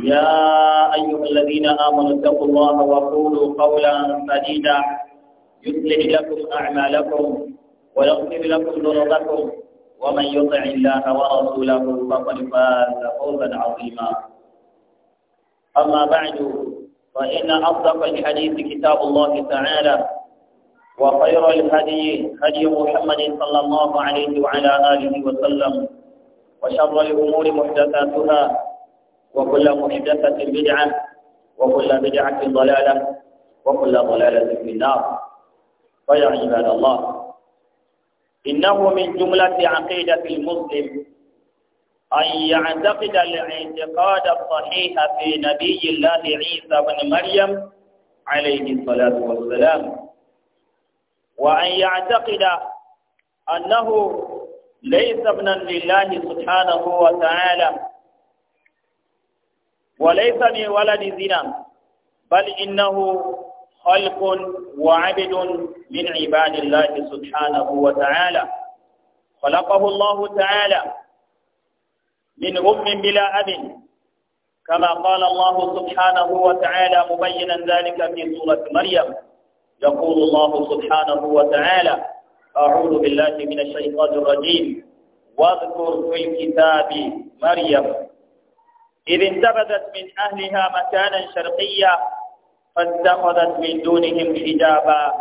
يا أيها الذين آمنوا اتقوا الله وقولوا قولا سديدا يصلح لكم أعمالكم ويغفر لكم ذنوبكم ومن يطع الله ورسوله فقد فاز فوزا عظيما أما بعد فإن أصدق الحديث كتاب الله تعالى وخير الهدي هدي محمد صلى الله عليه وعلى آله وسلم وشر الأمور محدثاتها وكل محدثة بدعة وكل بدعة ضلالة وكل ضلالة في النار فيا عباد الله إنه من جملة عقيدة المسلم أن يعتقد الاعتقاد الصحيح في نبي الله عيسى بن مريم عليه الصلاة والسلام وأن يعتقد أنه ليس ابنا لله سبحانه وتعالى وليس من ولد زنا بل إنه خلق وعبد من عباد الله سبحانه وتعالى خلقه الله تعالى من أم بلا أب كما قال الله سبحانه وتعالى مبينا ذلك في سورة مريم يقول الله سبحانه وتعالى أعوذ بالله من الشيطان الرجيم واذكر في الكتاب مريم إذ انتبذت من أهلها مكانا شرقيا فاتخذت من دونهم حجابا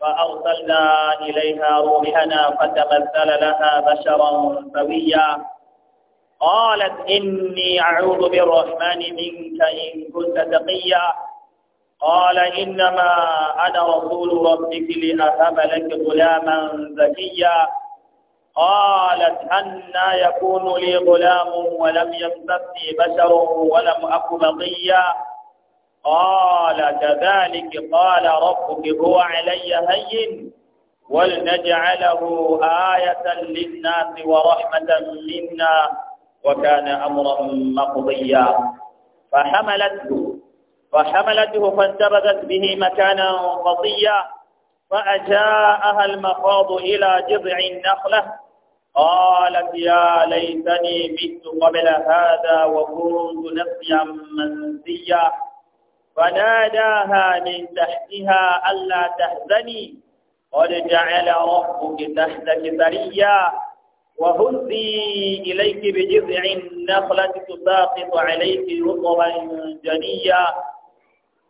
فأرسلنا إليها روحنا فتمثل لها بشرا سويا قالت إني أعوذ بالرحمن منك إن كنت تقيا قال إنما أنا رسول ربك لأهب لك غلاما زكيا قالت أنا يكون لي غلام ولم يمسسني بشر ولم أك بقيا قال كذلك قال ربك هو علي هين ولنجعله آية للناس ورحمة منا وكان أمرا مقضيا فحملته فحملته فانتبذت به مكانا قضيا فأجاءها المخاض إلى جذع النخلة قالت يا ليتني مت قبل هذا وكنت نسيا منسيا فناداها من تحتها ألا تحزني قد جعل ربك تحتك ثريا وهزي إليك بجذع النخلة تساقط عليك رطبا جنيا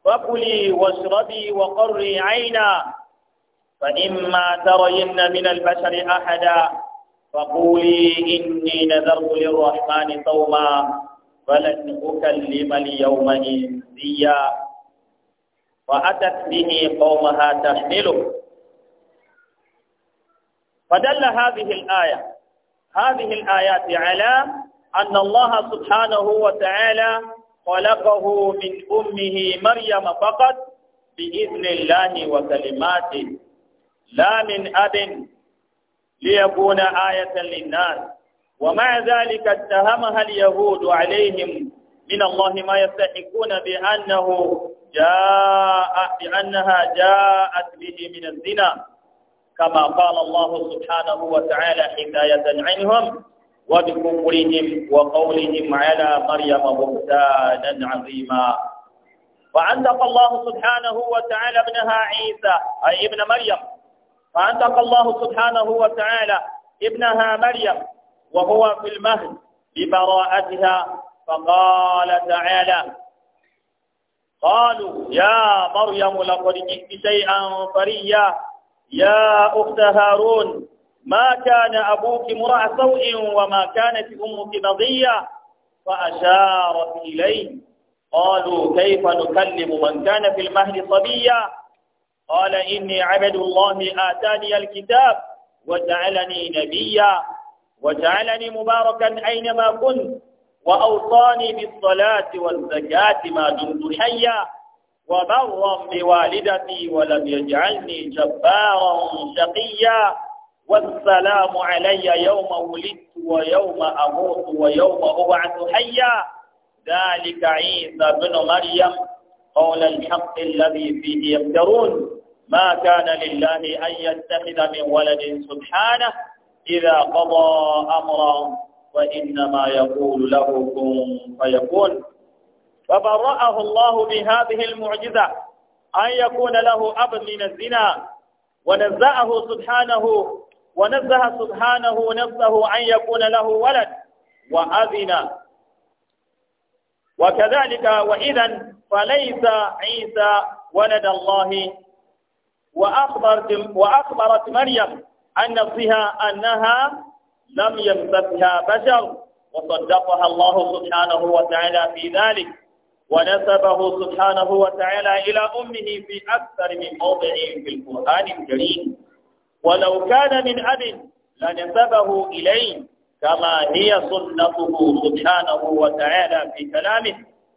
فكلي واشربي وقري عينا فإما ترين من البشر أحدا فقولي إني نذرت للرحمن صوما فلن أكلم اليوم إنسيا وأتت به قومها تحمله فدل هذه الآية هذه الآيات على أن الله سبحانه وتعالى خلقه من أمه مريم فقط بإذن الله وكلماته لا من أب ليكون آية للناس ومع ذلك اتهمها اليهود عليهم من الله ما يستحقون بأنه جاء بأنها جاءت به من الزنا كما قال الله سبحانه وتعالى حكاية عنهم وبكفرهم وقولهم على مريم بهتانا عظيما وعلق الله سبحانه وتعالى ابنها عيسى أي ابن مريم فأنطق الله سبحانه وتعالى ابنها مريم وهو في المهد ببراءتها فقال تعالى قالوا يا مريم لقد جئت شيئا فريا يا أخت هارون ما كان أبوك مرع سوء وما كانت أمك بغية فأشارت إليه قالوا كيف نكلم من كان في المهد صبيا قال إني عبد الله آتاني الكتاب وجعلني نبيا وجعلني مباركا أينما كنت وأوصاني بالصلاة والزكاة ما دمت حيا وبرا بوالدتي ولم يجعلني جبارا شقيا والسلام علي يوم ولدت ويوم أموت ويوم أبعث حيا ذلك عيسى بن مريم قول الحق الذي فيه يفترون ما كان لله أن يتخذ من ولد سبحانه إذا قضى أمرا وإنما يقول له كن فيكون فبرأه الله بهذه المعجزة أن يكون له أب من الزنا ونزأه سبحانه ونزه سبحانه نفسه أن يكون له ولد وأذن وكذلك وإذا فليس عيسى ولد الله وأخبرت, وأخبرت مريم أن فيها أنها لم يمسكها بشر وصدقها الله سبحانه وتعالى في ذلك ونسبه سبحانه وتعالى إلى أمه في أكثر من موضع في القرآن الكريم ولو كان من أب لنسبه إليه كما هي سنته سبحانه وتعالى في كلامه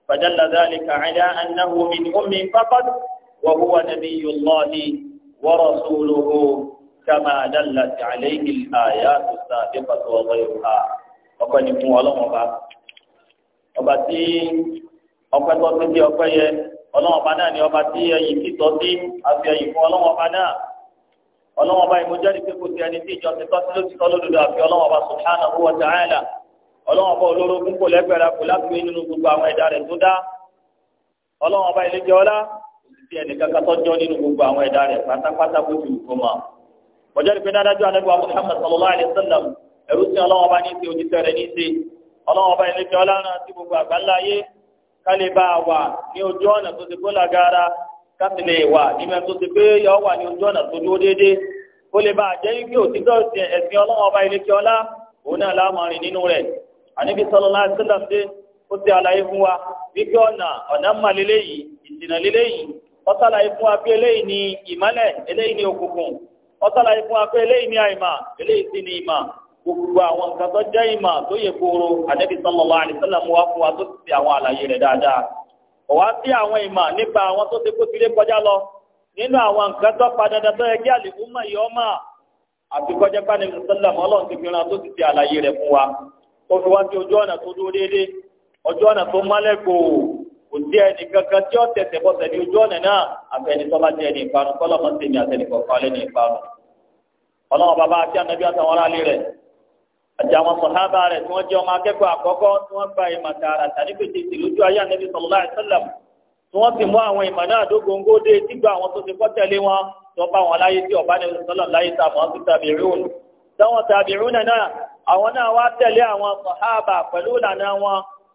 فدل ذلك على أنه من أم فقط وهو نبي الله ورسوله كما دلت عليه الآيات السابقة وغيرها ya ni fún Ọlọ́run ọba ọba tí ọpẹ́ tó ti di ọba tí ẹyìn ti tọ́ sí àfi ẹyìn fún Ọlọ́run ọba náà ọba tí ìjọ ti tọ́ sí lóṣìṣẹ olódodo àfi Ọlọ́run ọba ọba olórogún kò kò láti wí nínú gbogbo àwọn ẹ̀dá rẹ̀ tó dá ọba sí ẹnìkan kan tọ́jọ́ nínú gbogbo àwọn ẹ̀dá rẹ̀ pátápátá bó ti wù kó mọ̀. ọjọ́ ìpè dájú anábíwá Muhammad sallallahu alayhi wa sallam ẹ̀rú sí ọlọ́wọ́n bá ní í ṣe òjíṣẹ́ rẹ̀ ní í ṣe ọlọ́wọ́n bá ilé fi ọlọ́run àti gbogbo àgbáńlá ayé ká lè bá a wà ní ojú ọ̀nà tó ti kó lágara ká sì lè wà nígbà tó ti pé yọ wà ní ojú ọ̀nà tó dúró déédéé kó lè bá a jẹ́ wípé òtítọ́ ẹ̀sìn ọlọ́wọ́n bá ilé fi ọlá òun náà láàmọ̀rin nínú rẹ̀ àníbi sallallahu alayhi wa sallam ṣe ó ti àlàyé fún wa wípé ọ̀nà ọ̀nà màlélẹ́yìí ìsìnàlélẹ́yìí ọtala fún wa pé eléyìí ni ìmọ́lẹ̀ eléyìí ni okunkun ọtala fún wa pé ni àìmà eléyìí si ni ima gbogbo àwọn nǹkan tó jẹ́ ìmà tó yẹ kóró ànábì sallallahu alaihi wasallam wa fún wa tó ti fi àwọn àlàyé dáadáa àwọn nípa àwọn kọjá lọ nínú àwọn nǹkan tó tó yẹ kí àlìkú àti kọjá ti wa ó fi wá sí ojú ọ̀nà tó dúró déédéé ojú kò jẹ́ ẹni kankan tí ó tẹ̀sẹ̀ bọ́ sẹ́ni ojú ọ̀nà náà àfẹ́ni tọ́lá jẹ́ ẹni ìparun kọ́lọ́ mọ́ sẹ́ni àtẹni kọ̀ọ̀kan lẹ́ni ìparun. ọlọ́run bàbá àti ànábì àtàwọn aráàlú rẹ̀ àti àwọn sọ̀hábà rẹ̀ tí wọ́n jẹ́ ọmọ akẹ́kọ̀ọ́ àkọ́kọ́ tí wọ́n gba ìmọ̀ tààrà tàbí pèsè lójú ayé ànábì sallallahu alaihi tí wọ́n sì mú àwọn ìmọ̀ náà dógóńgó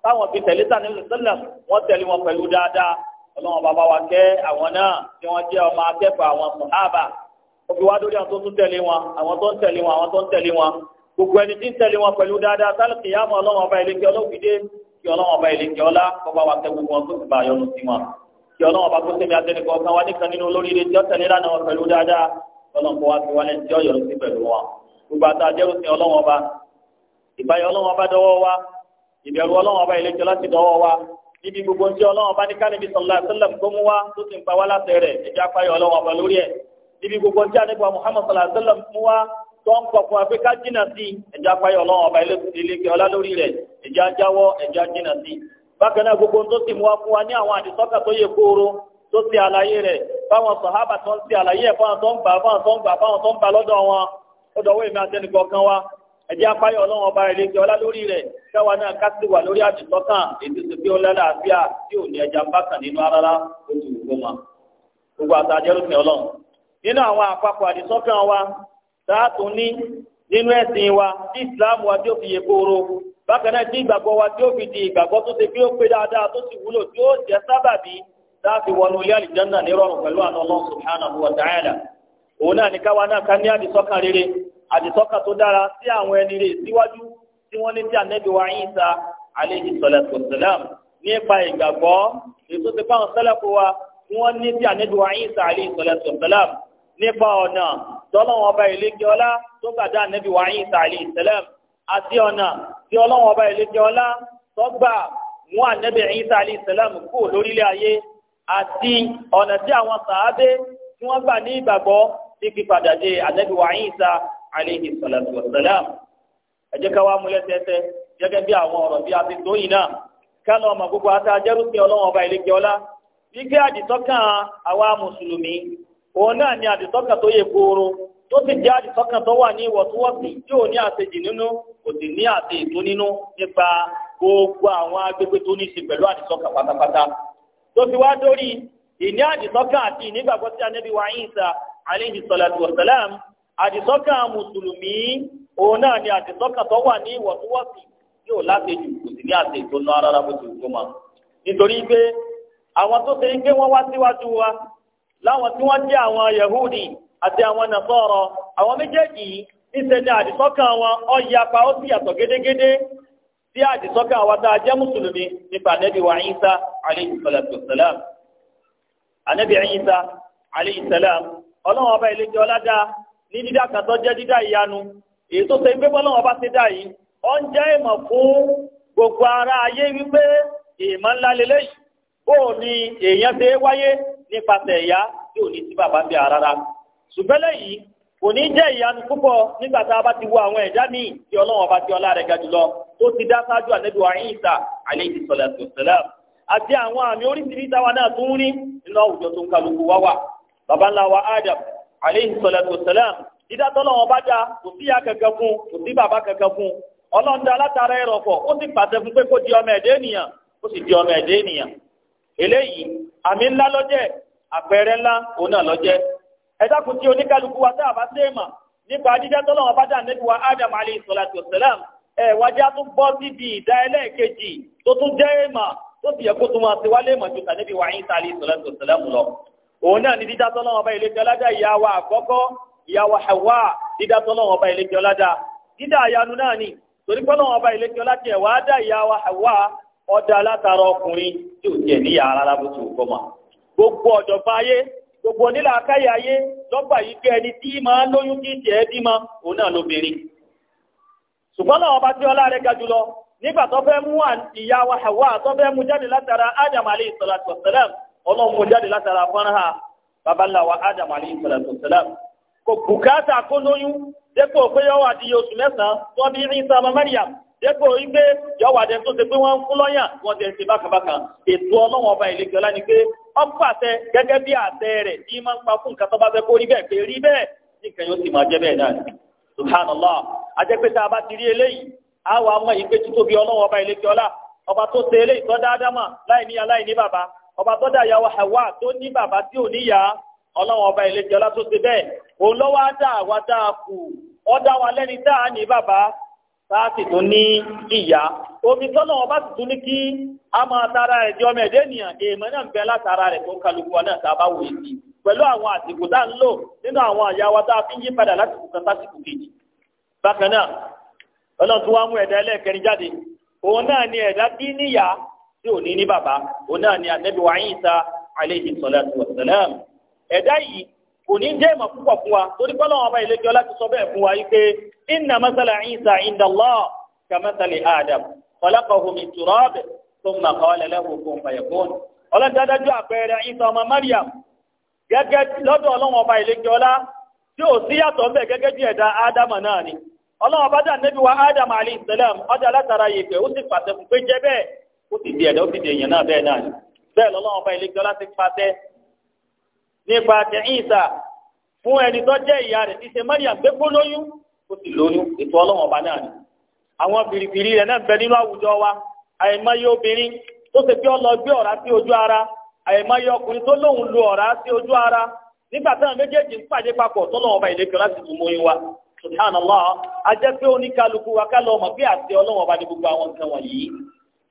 táwọn fi tẹ̀lé tà nílùú sẹ́lẹ̀ wọ́n tẹ̀lé wọn pẹ̀lú dáadáa ọlọ́wọ́n bàbá wa kẹ́ àwọn náà tí wọ́n jẹ́ ọmọ akẹ́kọ̀ọ́ àwọn sàhábà ó fi wá lórí àwọn tó tún tẹ̀lé wọn àwọn tó ń tẹ̀lé wọn àwọn tó ń tẹ̀lé wọn gbogbo ẹni tí ń tẹ̀lé wọn pẹ̀lú dáadáa sálùkì yàmọ̀ ọlọ́wọ́n ọba ìlẹ́kẹ́ ọlọ́fìdé kí ọlọ́wọ́n ọba ìlẹ́kẹ́ ọlá kọ́ba wa kẹ́ gbogbo wọn tó ti bá yọnu sí wọn kí ọlọ́wọ́n bá tó tẹ̀lé atẹnukọ kan wá nìkan nínú olóríire tí ọba ìbáyọ̀ ọlọ́wọ́n ìbẹ̀rù ọlọ́run ọba ìlẹ́jọ́ láti dọ́wọ́ wa níbi gbogbo ń jẹ́ ọlọ́run ọba ní kánìbí sallallahu alaihi wasallam kó mú wa tó sì ń pa wá láti rẹ̀ ẹ̀jẹ̀ apáyọ̀ ọlọ́run ọba lórí ẹ̀ níbi gbogbo ń jẹ́ àníbọ̀ Muhammad sallallahu alaihi wasallam mú wa tó ń kọ̀kọ́ àfi ká jìnà sí ẹ̀jẹ̀ apáyọ̀ ọlọ́run ọba ìlẹ́kẹ̀ ọlá lórí rẹ̀ ẹ̀jẹ̀ ajáwọ́ ẹ̀jẹ̀ jìnà sí bákan náà gbogbo tó sì mú wa fún wa ní àwọn àdìsọ́kà tó yẹ kóró tó ti àlàyé rẹ̀ fáwọn sàhábà tó ń ti àlàyé ẹ̀ fáwọn tó ń gbà fáwọn tó ń gbà fáwọn tó ń gbà lọ́dọ̀ wọn ó dọ̀wọ́ èmi àtẹnìkọ̀ọ̀kan wa ẹjẹ́ apáyọ̀ ọlọ́run ọba rẹ̀ lẹ́jọ́ ọlá lórí rẹ̀ káwa náà ká sí wà lórí àdìsọ́kàn ètò bí ó lálẹ́ àbíà tí ò ní ma gbogbo àtàjẹrùsìn nínú àwọn àpapọ̀ àdìsọ́kàn wa sáàtún ní nínú ẹ̀sìn wa tí Islam wa tí ó fi yẹ kóró bákan náà tí ìgbàgbọ́ wa tí fi di ìgbàgbọ́ tó ó pé dáadáa tó wúlò tí ó jẹ́ sábàbí láti wọnú ilé àlìjánná pẹ̀lú subhanahu àdìsọ́kà tó dára sí àwọn ẹni rẹ̀ síwájú tí wọ́n ní tí ànábì wa Ìsá alayhi salatu wassalam nípa ìgbàgbọ́ èso ti fáwọn sálàfù wa tí wọ́n ní tí ànábì wa Ìsá alayhi salatu wassalam nípa ọ̀nà tọ́lọ́wọ́n ọba ìlẹ́kẹ́ ọlá tó gbàdá ànábì wa Ìsá alayhi salam àti ọ̀nà tí ọlọ́wọ́n ọba ìlẹ́kẹ́ ọlá tó gbà mú ànábì Ìsá alayhi salam aleyhi salatu wa salam ẹ jẹ́ ká bi múlẹ̀ tẹ́tẹ́ gẹ́gẹ́ bí àwọn ọ̀rọ̀ bí a ti tó ọba ìlẹ́kẹ́ ọlá wípé àdìsọ́kàn àwa mùsùlùmí òun náà ni àdìsọ́kàn tó yẹ kóró tó sì jẹ́ àdìsọ́kàn tó to wa ni nínú kò sì ní àṣe nínú nípa gbogbo àwọn agbègbè tó ní í ṣe pẹ̀lú àdìsọ́kàn pátápátá tó fi ìní àdìsọ́kàn àti ìnígbàgbọ́ salam àdìsọ́kà mùsùlùmí òun náà ni àdìsọ́kà tó wà ní ìwọ̀túnwọ̀sì yóò láti jù kò sí ní àti ìtọ́nú arára bó ti nítorí pé àwọn tó ṣe pé wọ́n wá síwájú wa láwọn tí wọ́n jẹ́ àwọn yahudi àti àwọn nasọrọ àwọn méjèèjì níṣẹ́ ní àdìsọ́kà wọn yapa ó sì yàtọ̀ gédégédé sí àdìsọ́kà wa tá a jẹ́ mùsùlùmí nípa wa salatu ní dídá kan tó jẹ́ dídá ìyanu èyí tó ṣe pé bọ́lọ́wọ́ bá ṣe dá yìí ń jẹ́ ìmọ̀ fún gbogbo ara ayé wípé ìmọ̀ ńlá lélẹ́yìí o ní èèyàn ṣe é wáyé nípasẹ̀ ìyá tí ò ní sí bàbá ń bẹ ṣùgbọ́n lẹ́yìn kò ní jẹ́ ìyanu púpọ̀ nígbà tá a bá ti wo àwọn ti ọlá rẹ̀ ga jùlọ tó ti dá sáájú àti àwọn àmì táwa náà tún rí nínú wa Adam aleyhi salatu salam dídá tọ́lọ́wọ́n bá dá kò sí ya kankan fún kò sí bàbá kankan fún ọlọ́run dá látara ẹ̀rọ pọ̀ ó sì pàṣẹ fún pé kó di ọmọ ẹ̀dẹ́ ènìyàn ó sì di ọmọ ẹ̀dẹ́ ènìyàn eléyìí àmì ńlá lọ́jẹ́ àpẹẹrẹ ńlá òun náà lọ́jẹ́ ẹ dákun tí oníkálukú wa tá a bá sé mà nípa dídá bá dá nẹ́bí wa adam aleyhi salatu salam ẹ̀ tún bọ́ síbi ìdá ẹlẹ́ẹ̀kejì tó tún jẹ́ èèmà tó òun náà ni dídá tọ́lọ́ ọba ilé jọládá ìyàwó àkọ́kọ́ ìyàwó Hawa dídá tọ́lọ́ ọba ilé jọládá dídá àyanu náà ni torí pọ́lọ́ ọba ilé jọládá ẹ̀wà dá ìyàwó Hawa ọ̀dà látara ọkùnrin tí ò tiẹ̀ níyà ara lábùtù kọ́mà gbogbo ọ̀jọ̀gbọ́n ayé gbogbo onílàákàyè ayé lọ́gbà yìí pé ẹni tí máa lóyún kí tiẹ̀ bímọ òun náà lóbìnrin ṣùgbọ́n náà ọba tí ọlá Hawa tó fẹ́ mú jáde látara salatu wa ọlọ́run kò jáde látara fọ́nrán ha Babalawa wa adam alayhi salatu salam kò bùkátà kó lóyún dépò pé yọwọ́ àti oṣù mẹ́sàn-án tó bí Isa ọmọ dépò wípé yọwọ́ àti tó ṣe pé wọ́n ń fún lọ́yàn wọ́n ti ṣe bákàbákà ètò ọlọ́run ọba ni pé ọ̀pọ̀ àṣẹ gẹ́gẹ́ bí àṣẹ rẹ̀ tí máa ń pa fún nǹkan tó bá fẹ́ kó rí bẹ́ẹ̀ pé rí bẹ́ẹ̀ tí a bá ti rí eléyìí á tó ṣe eléyìí tó ọba tó dá ìyàwó Hawa tó ní bàbá tí ò níyà ọlọ́run ọba ìlẹ́jọ́ ọlá tó bẹ́ẹ̀ òun ló wá dá kù ó dá wa lẹ́ni tá a ní bàbá tá a sì tún ní ìyá omi tọ́lọ̀ ọba sì tún ní kí a máa tara rẹ̀ di ọmọ ẹ̀dẹ́ ènìyàn èèmọ̀ náà ń bẹ látara rẹ̀ tó kálukú wa náà tá a bá wòye sí pẹ̀lú àwọn àsìkò tá a ń lò nínú àwọn àyà wa tá a fi ń yí padà láti kù kan sásìkò kejì bákan náà ọlọ́run tó wá mú ẹ̀dá ẹlẹ́ẹ̀kẹrin jáde òun náà ni ẹ̀dá bí níyà tí ò ní ní bàbá òun náà ni anabi wa Isa aleyhi salatu wa salam ẹ̀dá yìí kò ní jẹ́ ìmọ̀ púpọ̀ fún wa torí pé ọlọ́run ọba ìlẹ́jọ́ láti sọ bẹ́ẹ̀ fún wa yìí pé inna masala Isa inda Allah ka masali Adam khalaqahu min turab thumma qala lahu kun fayakun ọlọ́dájú àpẹẹrẹ Isa ọmọ Maryam gẹ́gẹ́ lọ́dọ̀ ọlọ́run ọba ìlẹ́jọ́ lá tí ò sí yàtọ̀ bẹ́ẹ̀ gẹ́gẹ́ bí ẹ̀dá ádámà náà ni ọlọ́run ọba dà níbi wa ádámà alayhi salam ọjà látara yèpẹ̀ ó sì pàṣẹ fún pé jẹ́ bẹ́ẹ̀ ó si di ẹ̀dá ó si di èèyàn náà bẹ́ẹ̀ náà ni bẹ́ẹ̀ lọ́lọ́run ọba ilé jọlá ti pàṣẹ nípa tẹ̀yìnsà fún ẹni tó jẹ́ ìyá rẹ̀ ti ṣe Mariam gbé lóyún ó lóyún ètò ọba náà ni àwọn bìrìbìrì rẹ̀ náà bẹ nínú àwùjọ wa àìmọye obìnrin tó ṣe ọlọ gbé ara àìmọye ọkùnrin tó lóun lu ọ̀rá sí ojú ara nígbà táwọn méjèèjì ń pàdé papọ̀ ọba wa a jẹ́ pé oníkálukú wa ká lọ́ọ́ mọ̀ pé àti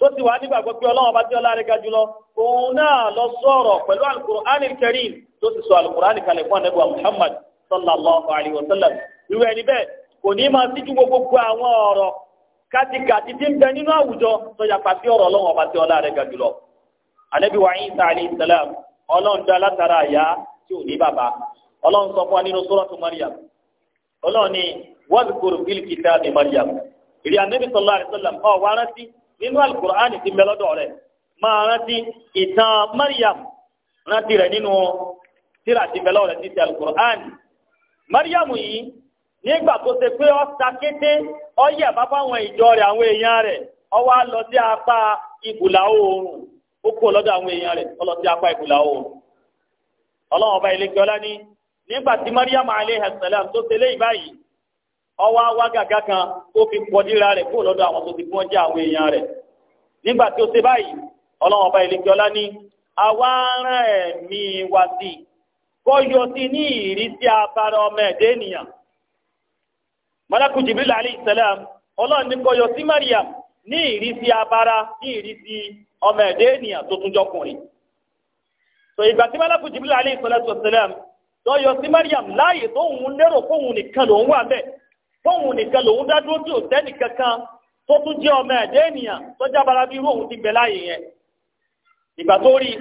tó ti wà nígbàgbọ́ pé ọlọ́run ọba tí ọlá rẹ̀ ga jùlọ òun náà lọ sọ̀rọ̀ pẹ̀lú alukur'ani karim tó ti sọ alukur'ani kalẹ̀ fún anabi muhammad sallallahu alayhi wa sallam irú ẹni bẹ́ẹ̀ kò ní máa síjú gbogbo àwọn ọ̀rọ̀ ń bẹ nínú àwùjọ ọ̀rọ̀ ọlọ́run ọba tí ọlá rẹ̀ ga jùlọ anabi wa isa alayhi salam ọlọ́run àyà tí ò ní nínú alukur'ani ti mẹ́lọ́ dọ̀ rẹ̀ máa rántí ìtàn mariam rántí rẹ̀ nínú tíra ti mẹ́lọ́ rẹ̀ ti ti alukur'ani mariam yìí nígbà tó ṣe pé ọ ta kété yẹ bàbá àwọn ìjọ rẹ̀ àwọn èèyàn rẹ̀ ọ wá lọ sí apá ìbùlà oòrùn ó àwọn èèyàn mariam tó ṣe ọwọ́ wá gàgá kan tó fi pọ̀díra rẹ̀ kó lọ́dọ̀ àwọn tó ti fún ọjà àwọn èèyàn rẹ̀ nígbà tí ó ṣe báyìí ọlọ́wọ́n ọba ìlẹ́kẹ́ ọlá ní àwa rán ẹ̀mí wa sí i kọ́ yọ sí ní ìrísí abara ọmọ ẹ̀dẹ́ ènìyàn malakú jibril alayhi salam ọlọ́run ní kọ́ yọ sí mariam ní ìrísí abara ní ìrísí ọmọ ẹ̀dẹ́ ènìyàn tó tún jọkùnrin so ìgbà tí malakú jibril alayhi salatu wa tó yọ sí mariam láàyè tó ń lérò fóun nìkan lòún wà bẹ́ẹ̀ fóun nìkan lòun dádúró tí ò sẹ́nì kankan tó tún jẹ́ ọmọ ẹ̀dá ènìyàn tó jábára bí irú òun ti gbẹ láàyè yẹn ìgbà tó rí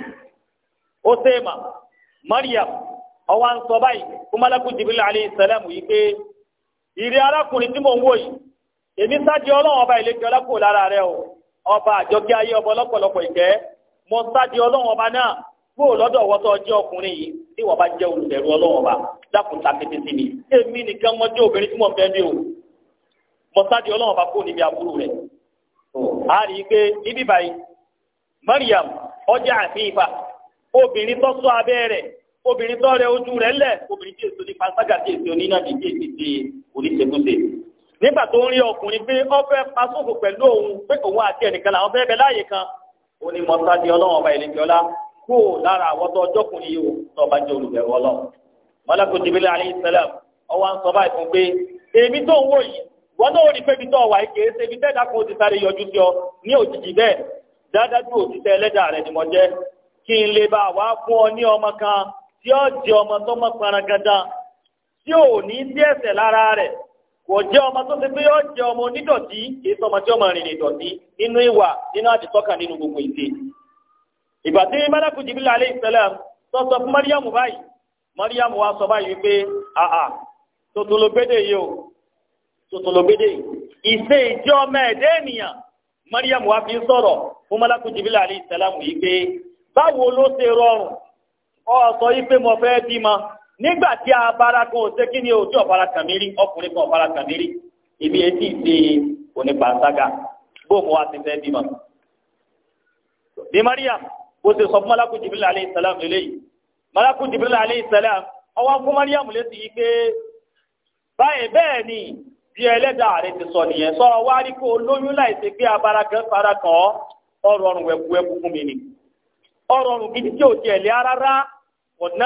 ó sèémà Maryam ọwọ́ ń sọ báyìí fún malakú Jibril Ali salam yìí pé ìrẹ́ arákùnrin tí mò ń wò yìí èmi sáàdì ọlọ́run ọba ìlẹ́kẹ̀ ọlọ́kùnrin lára rẹ o ọba àjọkẹ́ ayé ọba ọlọ́pọ̀lọpọ̀ ìkẹ́ mo sáàdì ọlọ́run ọba náà bó lọdọ wọ́tọ́ jẹ́ ọkùnrin yìí tí wọ́n bá jẹ́ olùbẹ̀rù ọlọ́wọ́n bá dákun ta sí mi èmi nìkan mọ́ obìnrin tí mo fẹ́ mi o mọ sáde kó níbi àbúrò rẹ̀ a rí i pé níbí Mariam ọjà àfihàn obìnrin tó sọ abẹ́ obìnrin tó rẹ ojú rẹ̀ lẹ̀ obìnrin tí èso ní panṣágà tí èso ní náà tí ti oníṣègùnṣe nígbà tó ń rí ọkùnrin pé ó fẹ́ pasófò pẹ̀lú òun pé òun àti ẹnìkan làwọn kó lára àwọn tó ọjọ́kùnrin yìí o tó ọba jẹ́ olùbẹ̀rù ọlọ́run mọ́lákò jìbìlẹ̀ alayhi salam ń sọ báyìí pé èmi tó ń wò yìí wọn náà rí tó wà ti sáré yọjú sí ọ ní òjijì bẹ́ẹ̀ dáadájú òtítẹ́ ẹlẹ́dà rẹ̀ ni mo jẹ́ n lè bá fún ọ ní ọmọ kan tí ó jẹ ọmọ tó tí ní sí lára kò ọmọ tó ti pé ọmọ onídọ̀tí kì ìgbà tí mẹ́lẹ́kù Jibril alayhi salam sọ́sọ́ fún Mariam báyìí Mariam wa sọ báyìí wípé àà tuntun ló gbédè yìí o tuntun ló gbédè ìṣe ìjọ ọmọ ẹ̀dẹ́ ènìyàn Mariam wa fi sọ̀rọ̀ fún mẹ́lẹ́kù Jibril alayhi salam yìí pé báwo ló ṣe rọrùn ọ sọ yìí pé mo fẹ́ bímọ nígbà tí a bára kan ò ṣe kí ni ojú ọ̀bára kàn rí ọkùnrin kan ọ̀bára kàn rí èmi etí ìṣe onípàṣágà bóun wa ti fẹ́ bímọ. bí Mariam bó ṣe sọ fún malakú jibril alayhi salam lélẹ́yìí malakú jibril alayhi salam ọwọ́ fún mariam létí ni bí ẹlẹ́dàá rẹ ti sọ n'iye sọ wá rí kó ise gbe pé abara kan fara kàn ọ́ ọrụ ọ̀rùn wẹ̀kú ẹkú fún ni ọ̀rọ̀ ọ̀rùn gidi tí ò ti ẹ̀lẹ́ rárá ọ̀nà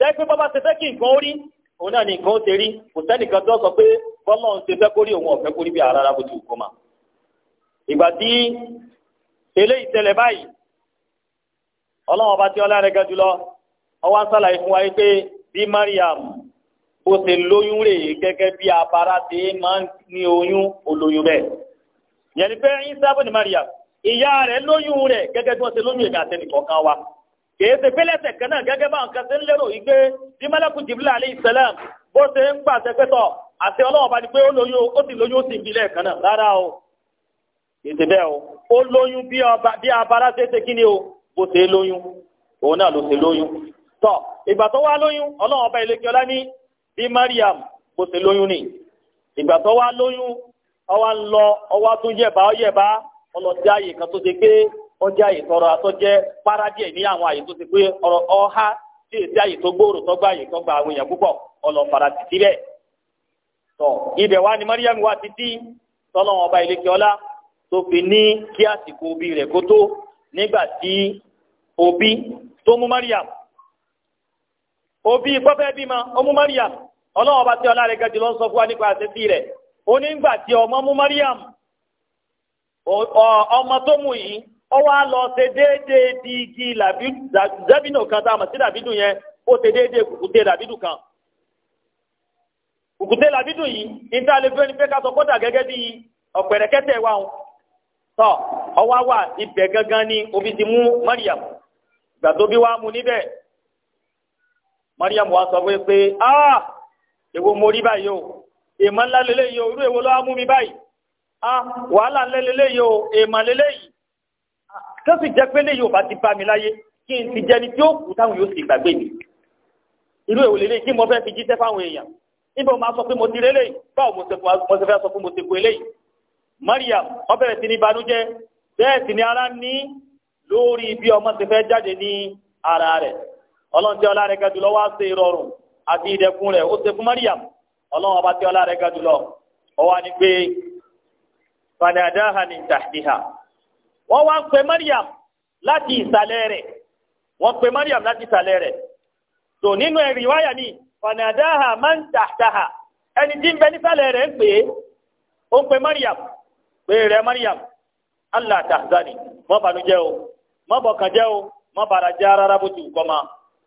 tẹ́gbẹ́ bọ́ bá ṣe fẹ́ kí nǹkan ó rí òun náà ni nǹkan ó ṣe rí kò sẹ́nìkan tó sọ pé bọ́lá ń ṣe fẹ́ kó rí òun ọ̀fẹ́ kó bí ara rárá bó ma. ìgbà tí eléyìí báyìí ọba ti ọlá rẹ̀ ga jùlọ ọwọ́ ń sàlàyé fún wa pé bí Mariam bó ṣe lóyún gẹ́gẹ́ bí oyún olóyún bẹ́ẹ̀ pé kìí ṣe pé lẹ́sẹ̀ kan náà gẹ́gẹ́ bá kan ṣe ń lérò yìí pé bí mẹ́lẹ́kù jìbìlá alayhi salam bó ṣe ń pàṣẹ pẹ́tọ̀ àti ọlọ́wọ́n bá pé ó lóyún ó sì lóyún ó sì ń bi lẹ́ẹ̀kan náà rárá o kìí ṣe bẹ́ẹ̀ o ó lóyún bí abara ṣe ṣe kí ni o bó ṣe lóyún òun náà ló ṣe lóyún tọ ìgbà tó wá lóyún ọlọ́wọ́n ilé ní bí Mariam bó ṣe lóyún ni ìgbà tó wá lóyún ọwá ń lọ ọwá tún yẹ̀bá ọyẹ̀bá ọlọ́tí tọrọ ìtọrọ àtọjẹ paradíẹ ní àwọn àyè tó ti pé ọha tí èsì àyè tó gbòòrò àyè àwọn èèyàn púpọ̀ títí bẹ́ẹ̀ tọ ibẹ̀ wá ni Mariam wá títí ọba tó fi ní kí àsìkò òbí rẹ̀ kó tó nígbà tí òbí tó mú Mariam òbí pọfẹ bímọ ó mú Mariam ọba tí ọlá rẹ̀ gajù lọ sọ fún wa nípa ọwọ́ á lọ ṣe déédéé di igi dàbínú kan tá a mọ̀ sí dàbídùn yẹn ó ṣe déédéé kùkùté dàbídùn kan kùkùté dàbídùn yìí níta lè fẹ́ ni pé ká sọ kọ́dà gẹ́gẹ́ bí ọ̀pẹ̀rẹ̀kẹ́tẹ̀ wa ń tọ́ ọwọ́ wà ibẹ̀ gangan ni omi ti mú Mariam ìgbà tó bí wàá mu níbẹ̀ Mariam wa sọ fún pé ah èwo mo rí báyìí o èèmọ̀ ńlá lélẹ́yìí o irú èwo ló wá mú mi báyìí ah wàhálà ńlá lélẹ́yìí tó sì jẹ́ pé léyìí ò bá ti bá mi láyé kí n ti jẹni tí ó kù táwọn yóò sì gbàgbé mi irú èwo lélẹ́yìí kí mo fẹ́ fi jíṣẹ́ fáwọn èèyàn níbo máa sọ pé mo ti rélẹ́yìí báwo mo ṣe fẹ́ sọ pé mo ti kú eléyìí Mariam ó bẹ̀rẹ̀ sí ní banújẹ́ bẹ́ẹ̀ sì ni ara ní lórí bí ọmọ ti jáde ní ara rẹ̀ ọlọ́run ọlá rẹ̀ ga wá ṣe ìrọ̀rùn àti ìdẹ̀kùn rẹ̀ ó ṣe fún Mariam ọlọ́run ọba tí ọlá rẹ̀ ga jùlọ ó wá ní pé wọ́n wá ń pe Mariam láti ìsàlẹ̀ rẹ̀ wọ́n pe Mariam láti ìsàlẹ̀ rẹ̀ tó nínú ẹ̀rí wáyà ni fanadaha man ma ẹni tí ń bẹ nísàlẹ̀ rẹ̀ ń pè é ó ń pe Mariam pé rẹ̀ Mariam Allah tahzani má bànújẹ́ o má bọ̀kànjẹ́ o má bara jẹ́ rárá bó ti ma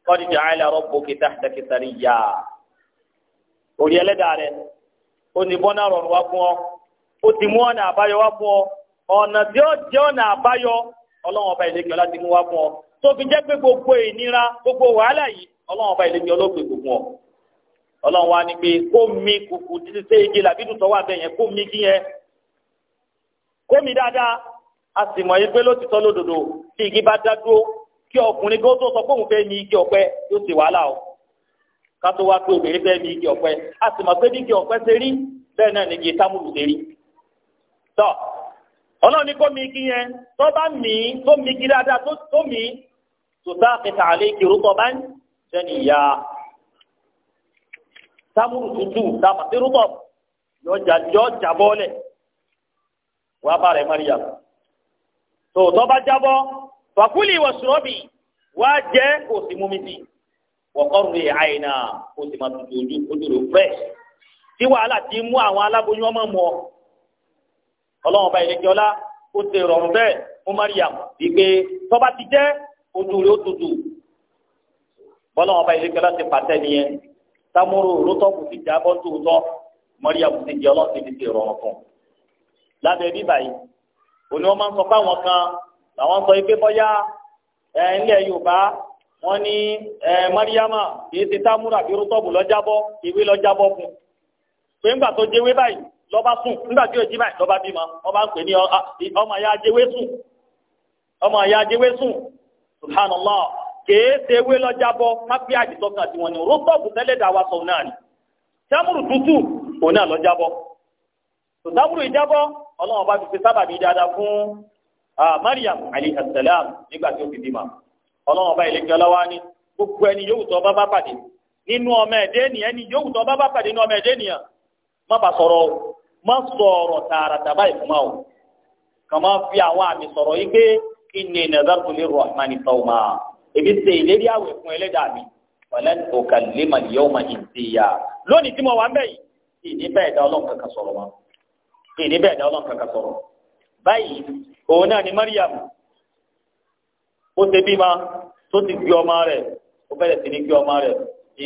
qad ja'ala rabbuki tahtaki sariyya òrí ẹlẹ́dàá rẹ̀ ó ní bọ́nà rọrùn wá fún ọ ó ti mú ọ̀nà àbáyọ wá fún ọ ọ̀nà tí ó jẹ́ ọ̀nà àbáyọ ọlọ́run ọba ìlẹ́kẹ̀ láti fún ọ tó fi jẹ́ pé gbogbo ìnira gbogbo wàhálà yìí ọlọ́run ọba ìlẹ́kẹ̀ olóògbé gbogbo ọ ọlọ́run wa ni kó mi kùkù títí igi yẹn kó mi kí yẹn kó mi dáadáa a sì mọ̀ yín pé lótìtọ́ lódodo tí igi bá kí ọkùnrin kí tó sọ pé òun fẹ́ mi igi ọ̀pẹ yóò wàhálà ọlọ́run ní kó mi igi yẹn tó bá mì tó mi igi dáadáa tó mì í tòtá àfẹsà àlẹ́ ìkìrú tó bá ń sẹ́ni ìyá sámúrù tútù sáfàtì rúbọ̀ yọjà yọ jábọ́ lẹ̀ wàá bá rẹ̀ Mariam tó tó bá jábọ́ fàkúlì wọ̀ṣọ́bì wàá jẹ́ kò sí mú mi sí wọ́kọ́rù rẹ̀ àyìnà kò sì máa tutù ojú ojú rẹ̀ fẹ́ tí wàhálà ti mú àwọn aláboyún ọmọ mọ́ ọlọ́run ọba ìlẹ́kẹ́ ọlá ó ti rọrùn bẹ́ẹ̀ fún Mariam wípé tọ́ba ti jẹ́ ojú rẹ̀ ó tutù bọ́lọ́run ọba ìlẹ́kẹ́ ọlá ti pàtẹ́ nìyẹn tamuru rótọ́kù ti jábọ́ tòótọ́ Mariam ti jẹ́ ọlọ́run ti ti rọrùn fún un lábẹ́ bíbà yìí òní wọ́n máa ń sọ fáwọn kan làwọn sọ pé bọ́yá ilẹ̀ Yorùbá wọ́n ní Mariama kì í ti tamuru àbí rótọ́kù lọ́jàbọ́ ìwé lọ́jàbọ́ fún un pé ńgbà tó jẹ́wé báyìí lọba sùn nígbà tí òjì báyìí bímọ ọba ń pè ní ọmọ ya ajéwé sùn ọmọ ya ajéwé sùn subhanallah kèé ṣe ewé lọ́jà bọ́ kápẹ́ àdìsọ́kàn tiwọn ni rọ́tọ́ọ̀bù tẹ́lẹ̀ dà wá sọ náà ni sámúrù tútù náà fún Mariam salam nígbà tí fi bímọ bá ni gbogbo ẹni yóò bá bá ọmọ ènìyàn ni ọmọ ènìyàn má bá sọ̀rọ̀ o má sọ̀rọ̀ tààràtà báyìí fún ma o kà má fi àwọn àmì sọ̀rọ̀ yìí pé inni nazartu lirrahmani sawma èmi ṣe ìlérí àwẹ̀ fún ẹlẹ́dàá mi walan ukallima al-yawma insiya lónìí tí mo wà ń bẹ̀ yìí ìní bẹ́ẹ̀ dá ọlọ́run kankan sọ̀rọ̀ wọn ìní bẹ́ẹ̀ dá ọlọ́run kankan sọ̀rọ̀ báyìí òun náà ni Maryam ó ṣe bímọ tó ti gbé ọmọ rẹ̀ ó bẹ̀rẹ̀ sí ní gbé ọmọ rẹ̀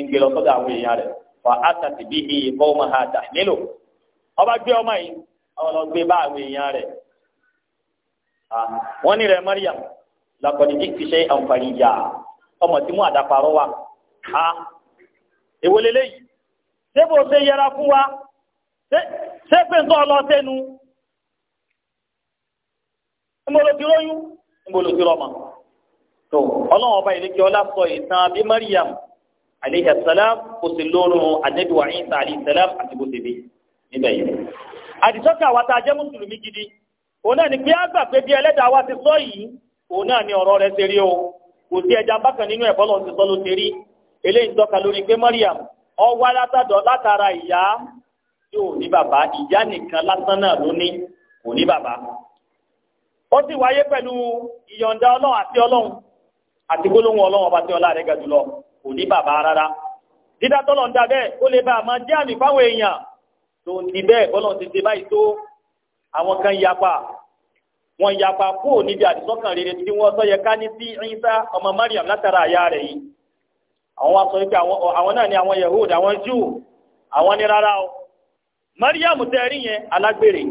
ní sọ́dọ̀ àwọn èèyàn rẹ̀ wà bí iye kọ́ ha dà nílò ọba gbé ọmọ yìí àwọn lọ gbé bá èèyàn rẹ̀ wọ́n ní Mariam làkọ̀dí bí ti àǹfààní ọmọ tí mú àdàparọ́ wa ha lélẹ́yìí ṣé bó ṣe yẹra fún wa ṣé pé nǹkan ọlọ́sẹ́nu ńbolo ti tó ọba ọlá sọ ìtàn Mariam. aleyhi salam kò sí lóorùn anabi wa Isa aleyhi salam àti bó ṣe bí níbẹ̀ yìí. àdìsọ́kẹ́ àwa tá a jẹ́ mùsùlùmí gidi òun náà ni pé á gbà pé bí ẹlẹ́dàá wa ti sọ yìí òun náà ni ọ̀rọ̀ rẹ̀ ṣe rí o kò sí ẹja bákan nínú ẹ̀fọ́ lọ́n ti sọ ló ṣe rí eléyìí tọ́ka lórí pé Mariam ó látàdọ̀ látara ìyá yóò ní bàbá ìyá nìkan lásán náà ló ní kò ní bàbá ó sì wáyé pẹ̀lú ìyọ̀ǹda ọlọ́run àti ọlọ́run àti gbólóhùn ọlọ́run ọba tí ọlá rẹ̀ ga jùlọ kò ní bàbá rárá dídá tọ́lọ̀ ń da ó lè bá a máa jẹ́ àmì fáwọn èèyàn tó bẹ́ẹ̀ ṣe báyìí tó àwọn kan yapa wọn yapa kó níbi àdìsọ́kàn rere tí wọ́n sọ yẹ ká ní sí ọmọ Mariam látara àyà rẹ̀ yìí àwọn wa sọ pé àwọn náà ni àwọn àwọn o Mariam yẹn alágbèrè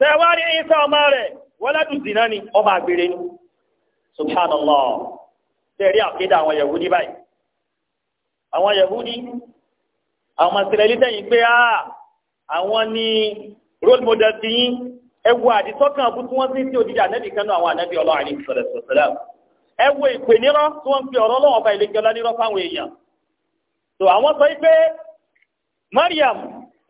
ọmọ rẹ̀ ni ọmọ àgbèrè ni tẹ̀rí àkéde àwọn yahudi báyìí àwọn yahudi àwọn ìsirẹ́lì tẹ̀yìn pé á àwọn ní role model ti yín ẹ wo àdìsọ́kàn abú tí wọ́n ti ti òdìdí ànábì kan náà àwọn ànábì ọlọ́run àní sọ̀rọ̀sọ̀rọ̀ ẹ wo ìpè nírọ́ tí wọ́n fi ọ̀rọ̀ ọlọ́wọ́n ọba ìlẹ́jọ́ lánírọ́ fáwọn èèyàn tó àwọn sọ pé Mariam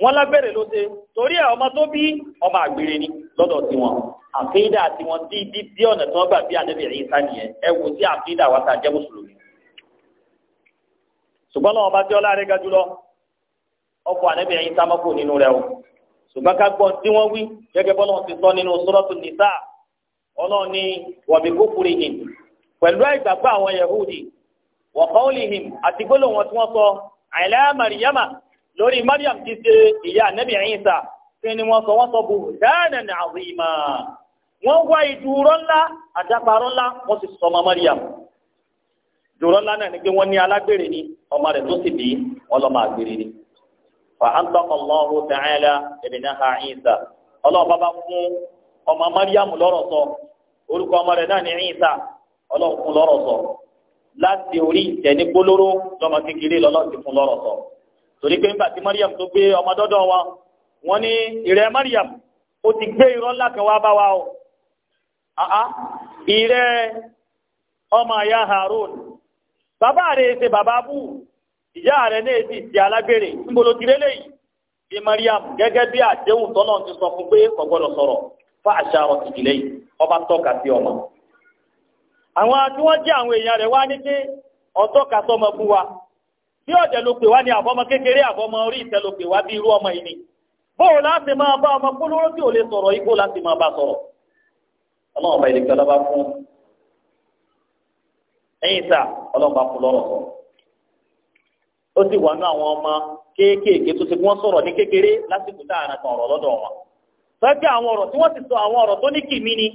wọn lábẹ́rẹ̀ ló ṣe torí ẹ̀ ọmọ tó bí ọmọ àgbèrè ni lọ́dọ̀ tiwọn àfíìdà àti wọn dí dí dí ọ̀nà tí wọ́n gbà bí ànábì Ìsá nìyẹn ẹ wò sí àfíìdà wa tá a jẹ́ mùsùlùmí. ṣùgbọ́n náà ọba tí ọlá rẹ̀ ga jùlọ ọkọ̀ ànábì Ìsá mọ́kò nínú rẹ̀ o ṣùgbọ́n ká gbọ́n tí wọ́n wí gẹ́gẹ́ bọ́lá ti sọ nínú Suratu Nisa ọlọ́run ní wàbí kókùrì yìí pẹ̀lú àìgbàgbọ́ àwọn Yahudi wa wọ́n wá ìdúró ńlá àdáparọ́ ńlá wọ́n sì sọ ọmọ Mariam ìdúró ńlá náà ni pé wọ́n ní alágbèrè ni ọmọ rẹ̀ tó sì bí ọlọ́mọ àgbèrè ni. fa antaqa Allahu ta'ala ha Isa ọlọ́ọ̀bá bá fún ọmọ Mariam lọ́rọ̀ sọ orúkọ ọmọ rẹ̀ náà lọ́rọ̀ sọ láti orí ìtẹ̀ní gbólóró lọ́mọ kékeré àá ah, ah. ire ọmọ àyà Harun bàbá rẹ̀ ṣe bàbá bù ìyá rẹ̀ náà sì ṣe alágbèrè níbolo bí Mariam gẹ́gẹ́ bí àdéhùn tọ́nà ti sọ fún pé kò sọ̀rọ̀ fún ọba tọ́ka sí ọmọ àwọn tí wọ́n jẹ́ àwọn èèyàn rẹ̀ wá ní pé wa ọ̀jẹ̀ ló pè wá ní ọmọ bóò láti ọmọ tí ò lè sọ̀rọ̀ láti ọlọ́run bá ilé kí ọlọ́ba fún ọlọ́run bá fún lọ́rọ̀ sọ ó sì wà ní àwọn ọmọ kéékèèké tó ti wọ́n sọ̀rọ̀ ní kékeré lásìkò tá àrà kan ọ̀rọ̀ lọ́dọ̀ wọn sọ́jà àwọn ọ̀rọ̀ tí wọ́n ti sọ àwọn ọ̀rọ̀ tó ní kìmí ni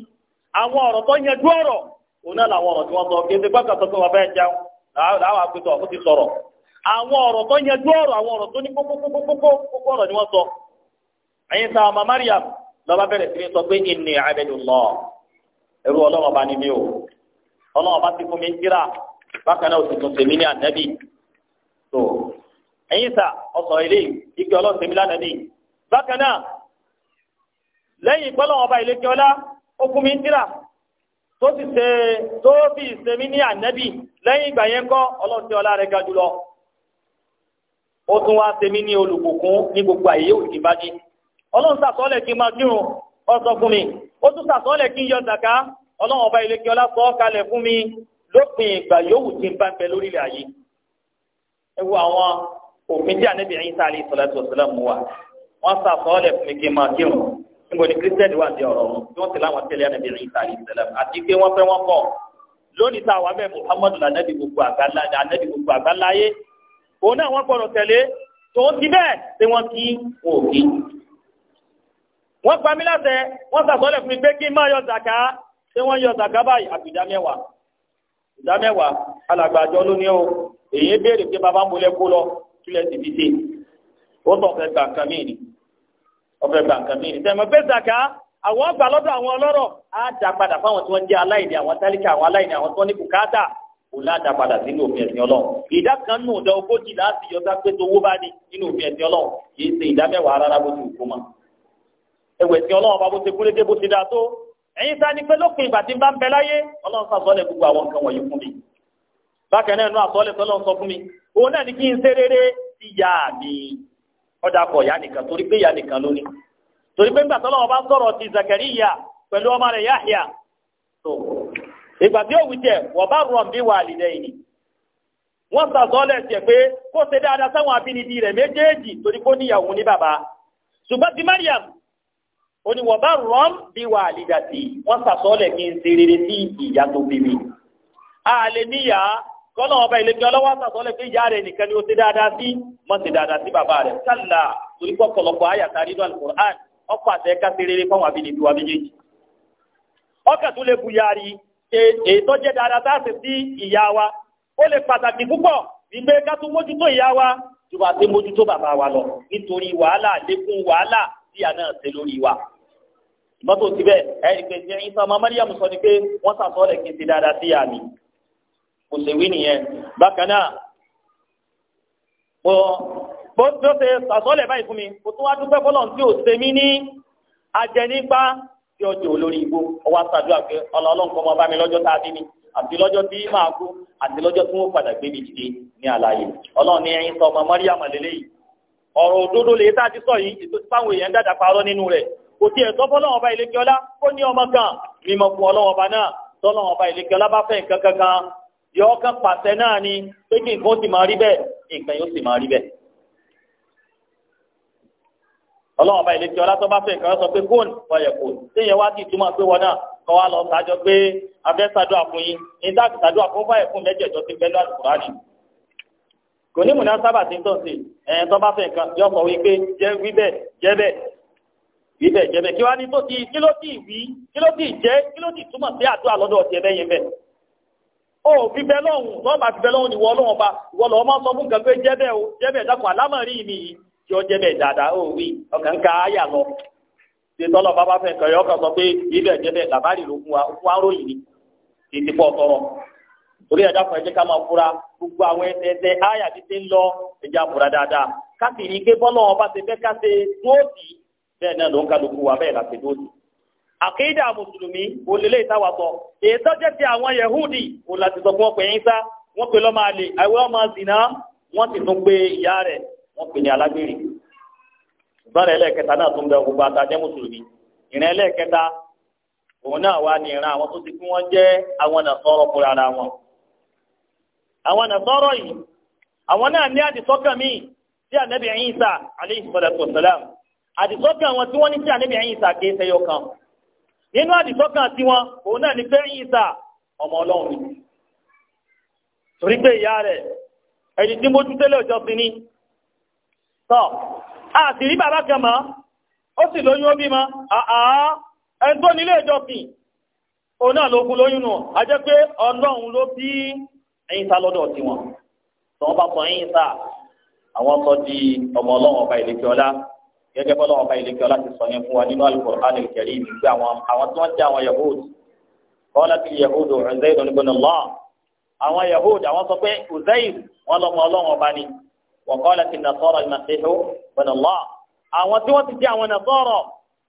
àwọn ọ̀rọ̀ tó yanjú ọ̀rọ̀ òun náà làwọn ọ̀rọ̀ tí wọ́n sọ ti sọ̀rọ̀ àwọn ọ̀rọ̀ tó ẹrú ọlọ́run ọba ni mí o ọlọ́run ọba ti fún mi kíra bákan náà òtútù tèmi ní ànábì tó sà ọ̀sán ilé ike ọlọ́run tèmi lánàbì bákan náà lẹ́yìn ìgbọ́lọ́run ọba ile ọlá ó fún mi kíra tó ti ṣe tó fi ìsẹ̀mí ní ànábì lẹ́yìn ìgbà yẹn kọ́ ọlọ́run tí ọlá rẹ̀ ga jùlọ ó tún wá ní ní gbogbo àyè ọsọ fún mi ó tún sàtọ́lẹ̀ kí n yọ zaka ọlọ́run ọba ilé kí ọlá sọ ọ́ kalẹ̀ fún mi lópin ìgbà yòówù tí n bá ń bẹ lórílẹ̀ ayé ẹ wo àwọn òfin tí ànábì Ìsá alayhi salatu wassalam mú wa wọ́n sàtọ́lẹ̀ fún mi kí n máa kírun níbo ni kírísítẹ́nì wà ní ọ̀rọ̀ wọn tí wọ́n ti láwọn tẹ̀lé ànábì Ìsá alayhi salam àti pé wọ́n fẹ́ wọ́n kọ́ lónìí tá a wà mẹ́ Muhammadu anabi gbogbo àgbáńlá anabi gbogbo àgbáńlá yé òun náà wọ́n gbọ́dọ̀ tẹ̀lé tòun ti bẹ́ẹ̀ tí wọ́n kí wọn wọ́n pa mí láṣẹ wọ́n sàkọọ́lẹ̀ fún mi pé kí n máa yọ zàká ṣé wọ́n yọ zàká báyìí àbí ìdá mẹ́wàá ìdá mẹ́wàá alàgbàjọ lónìí o èyí béèrè pé bàbá mo lẹ kó lọ kílẹ̀ sì fi ṣe ó tọ̀ fẹ́ gbà nǹkan mí ni ọ̀fẹ́ gbà nǹkan mí ni tẹ̀mọ̀ pé zàká àwọn ọgbà lọ́dọ̀ àwọn ọlọ́rọ̀ á dà padà fáwọn tí wọ́n jẹ́ aláìní àwọn tálíkà àwọn aláìní àwọn tí wọ́n ní bùkátà kò láàdá padà sínú òfin ẹ̀sìn ọlọ́run ìdá kan nù ọ̀dọ̀ ogójì láti yọ sápẹ́ tó owó bá ní nínú òfin ẹ̀sìn ọlọ́run kì í ṣe ìdá rárá bó ti wù kó mọ́ ẹwẹ̀ tí ọlọ́run bá bó ṣe kúrégé bó ṣe dáa tó ẹ̀yin sáà ni pé lópin ìgbà tí n bá ń bẹ láyé ọlọ́run sàtọ́lẹ̀ gbogbo àwọn nǹkan wọ̀nyí fún mi bákan náà inú àtọ́lẹ̀ tọ́lọ́run sọ fún mi òun náà ni kí n ṣe sí ìyá mi ọ̀dà kọ̀ ìyá nìkan torí pé ìyá nìkan ló torí pé ńgbà tọ́lọ́run bá sọ̀rọ̀ ti Zakariya pẹ̀lú ọmọ rẹ̀ Yahya tó ìgbà tí ó jẹ wọ́n bá rọ̀ bí wà lílẹ̀ yìí wọ́n sàtọ́lẹ̀ tiẹ̀ pé kó ṣe dáadáa sáwọn abínibí rẹ̀ méjèèjì torí pé níyàwó ní bàbá ṣùgbọ́n ti Mariam ó ní wọ́n bá rọ́m bí wà àlìdàtì wọ́n sàsọ́ọ̀lẹ̀ kí n ṣe rere sí ìyá tó bí mi. níyà kọ́nà ọba ìlẹ́bí ọlọ́wọ́ sàsọ́ọ̀lẹ̀ pé ìyá rẹ̀ nìkan ni ó ṣe dáadáa sí mọ́ ṣe dáadáa sí bàbá rẹ̀ sálà torí pọ̀pọ̀lọpọ̀ àyàtà nínú alukur'an ọkọ̀ àti ẹ̀ka ṣe rere fáwọn abínibí wa méjèèjì. ọkà tún lè buyari ètò jẹ́ dáadáa tá a ṣe sí ìyá wa ó lè pàtàkì púpọ̀ ìgbé ká tún mójútó ìyá wa ju bá ṣe mọ́tò síbẹ̀ ẹ̀rí pé ṣe ìsá ọmọ Mariam sọ ni pé wọ́n sàtọ́lẹ̀ kí n ti dáadáa sí ìyá mi kò sì wí nìyẹn bákan náà bó tó ṣe sàtọ́lẹ̀ báyìí fún mi kò tó wá dúpẹ́ fọlọ́ tí ò ṣe mí ní ajẹnipa tí ọjọ́ olórí igbó ọwọ́ àtàdúrà pé ọlọ́ọ̀lọ́n kọ́ ọmọ bá mi lọ́jọ́ tá a bí mi àti lọ́jọ́ tí màá kú àti lọ́jọ́ tí wọ́n padà gbé mi dìde ní àlàyé ọlọ́run ní sọ ọmọ Mariam lélẹ́yìí ọ̀rọ̀ òdodo lè tá a ti sọ yìí ètò tí fáwọn èèyàn dáadáa parọ́ nínú rẹ̀ kò tí ẹ̀ tọ́fọ́ lọ́wọ́ ọba ìlékè ọlá ó ní ọmọ kan mímọ fún ọlọ́wọ́ ọba náà tọ́lọ́wọ́ ọba ìlékè ọlá bá fẹ́ nǹkan kankan yọ ọkàn pàṣẹ náà ni pé kí nǹkan ó sì máa rí bẹ́ẹ̀ nǹkan yóò sì máa rí bẹ́ẹ̀. ọlọ́wọ́ ọba ìlékè ọlá tó bá fẹ́ nǹkan sọ pé kóòn fọyẹ̀ kò téèyàn wá sì túmọ̀ pé wọn náà kọ́ wa lọ sájọ pé abẹ́ sàdúrà fún yín ní táàkì kò ní múná tí ń tọ̀ sí ẹ̀yìn tó bá fẹ́ nǹkan yọ wípé jẹ́ wíbẹ̀ jẹ́ bẹ́ẹ̀ ibẹ̀ jẹ́bẹ̀ kí wá ní tó ti kí ló ti wí kí ló ti jẹ́ kí ló ti túmọ̀ sí àdúrà lọ́dọ̀ ọ̀tí ẹ̀bẹ̀ yẹn bẹ̀. ó fi bẹ lọ́hùn lọ́wọ́ bá fi o jẹ́bẹ̀ dákun mi yìí ó jẹ́bẹ̀ dáadáa ó wí ọkàn ka lọ. ṣètọ́lọ̀ bàbá fẹ́ yọ ọkàn sọ pé ibẹ̀ jẹ́bẹ̀ làbárì ló fún wa fún aróyìn ni kì í ti gbogbo àwọn ti ti ń lọ dáadáa. ọba ti fẹ́ ká ṣe bẹ́ẹ̀ náà ló ń wa bẹ́ẹ̀ láti dóòdì àkídà mùsùlùmí olèlé ìtawà sọ ètò jẹ́ ti àwọn yehudi kò láti sọ fún ọkùnrin sá wọ́n lọ́mọ ọmọ zina wọ́n ti tún pé, ìyá rẹ̀ wọ́n pe ní alágbèrè ìbára ẹlẹ́ẹ̀kẹta náà tún bẹ gbogbo mùsùlùmí ìrìn ẹlẹ́ẹ̀kẹta òun náà wà ní ìran àwọn tó ti jẹ́ àwọn nàṣọ́rọ̀ ara wọn àwọn nàṣọ́rọ̀ yìí àwọn náà ní àdìsọ́kàn míì sí àdìsọ́kàn wọn tí wọ́n ní tí ànábì Ìsá kì í ṣẹyọ kan nínú àdìsọ́kàn tiwọn òun náà ní pé Ìsá ọmọ ọlọ́run ni torí pé ìyá rẹ̀ ẹni tí mójú tẹ́lẹ̀ ọjọ́ sí ni tọ́ àti rí bàbá kan mọ́ ó sì lóyún ó bímọ àá ẹni tó nílé ìjọsìn òun náà ló kún lóyún nù a jẹ́ pé ọlọ́run ló bí Ìsá lọ́dọ̀ tiwọn tọ́ wọn bá pọ̀ Ìsá àwọn sọ di ọmọ ọlọ́run ọba ìlẹ́kẹ́ ọlá gẹ́gẹ́ bọ́lá ọba ìlẹkẹ ọláti sọ yẹn fún wa nínú Al-Qur'an Al-Karim nígbà àwọn àwọn tí wọn jẹ àwọn Yahud kọlá ti Yahud Uzayr ibn Allah àwọn Yahud àwọn sọ pé Uzayr wọn lọmọ Ọlọ́run ọba ni wọn kọlá ti Nasara al-Masih ibn Allah àwọn tí wọn ti jẹ àwọn Nasara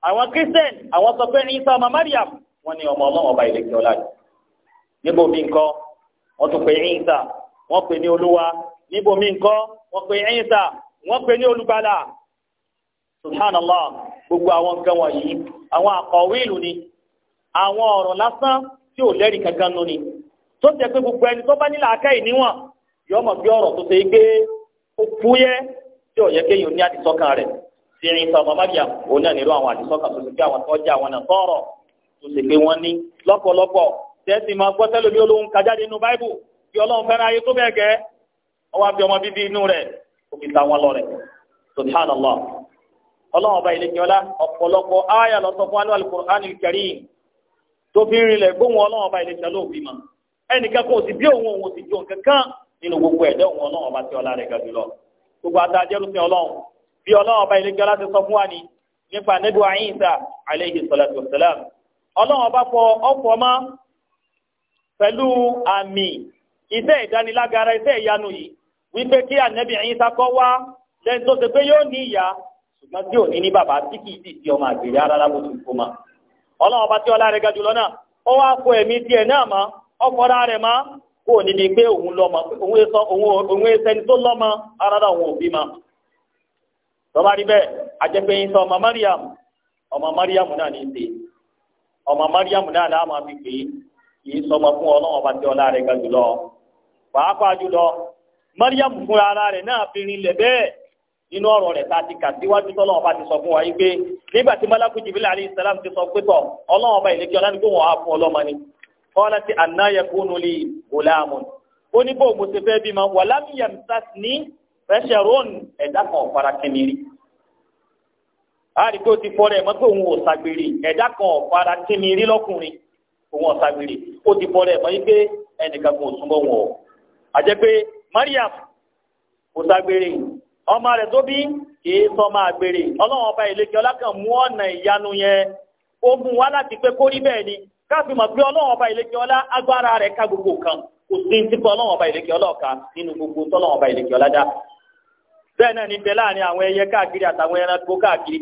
àwọn Christian àwọn sọ pé Isa ọmọ Mariam wọn ni ọmọ Ọlọ́run ọba ìlẹkẹ subhanallah gbogbo àwọn nǹkan wọ̀nyí àwọn àkọ̀wé ìlú ni àwọn ọ̀rọ̀ lásán tí ò lẹ́rìí kankan nù ni tó jẹ́ pé gbogbo ẹni tó bá nílà aká ìníwọ̀n yọ mọ̀ bí ọ̀rọ̀ tó ṣe gbé ó tí ò yẹ kéèyàn ní àdìsọ́kàn rẹ̀ sí irin sọ mọ́mọ́dìyà òun náà awọn àwọn àdìsọ́kàn tó ṣe àwọn tọ́jà àwọn náà sọ̀rọ̀ tó ṣe pé wọ́n ní lọ́pọ̀lọpọ̀ tẹ́sí máa gbọ́ olóhùn ọlọ́run ayé tó bẹ́ẹ̀ gẹ́ ọwọ́ ọlọ́run ọba ọ̀pọ̀lọpọ̀ ayà lọ́sọ̀ fún alẹ́ alukur'anil karim tó fi rinlẹ̀ gbóhùn ọba òbí ma ẹnìkan kò bí òun òun sì nínú gbogbo ẹ̀dẹ́ òun ọlá rẹ̀ ga ọba ti sọ fún wa ni nípa nẹ́bí salatu fọ ma pẹ̀lú ṣùgbọ́n tí ò ní ní bàbá tí sì ti ọmọ àgbèrè ara lábò tó kó ma ọlọ́run ọba tí ọlá rẹ̀ ga jùlọ náà ó wá kó ẹ̀mí tiẹ̀ náà mọ́ rẹ̀ mọ́ kó pé òun lọ́mọ òun e e tó lọ́mọ ara náà òun òbí ma tọ́ba rí bẹ́ẹ̀ Mariam ọmọ Mariam náà ní í ṣe Mariam náà kì í sọmọ fún ọlọ́run ọba tí ọlá rẹ̀ ga jùlọ Mariam nínú ọ̀rọ̀ rẹ̀ tá a ti kà síwájú tó ọlọ́wọ́n bá ti sọ fún wa yìí pé nígbà tí malakú jibril alayhi salam ti sọ pé tọ̀ ọlọ́wọ́n bá ìlẹ́kẹ́ ọlá ní kó wọ́n á fún ọlọ́mọ ni kọ́lá ti anna yakunu li gulamun ó ní bó mo ṣe fẹ́ bímọ walam yamsasni basharun ẹ̀dá kan ọ̀fara kẹ́mìrì àárí pé ó ti fọ́rẹ́ mọ́ pé òun ò ṣàgbèrè ẹ̀dá kan ọ̀fara kẹ́mìrì lọ́kùnrin òun ọ̀ ọmọ rẹ̀ tó bí kìí ma gbèrè ọlọ́wọ́n ọba ìlẹ́kẹ̀ ọlákan mú ọ̀nà ìyanu yẹn ogun wá láti pé kórí bẹ́ẹ̀ ni mọ̀ pé ọlọ́wọ́n ọba ìlẹ́kẹ̀ ọlá agbára rẹ̀ ká gbogbo kan kò sí ti ọba nínú gbogbo tọ́lọ́wọ́n ọba ọlá dá bẹ́ẹ̀ náà láàrin àwọn ẹyẹ káàkiri àtàwọn ẹranko káàkiri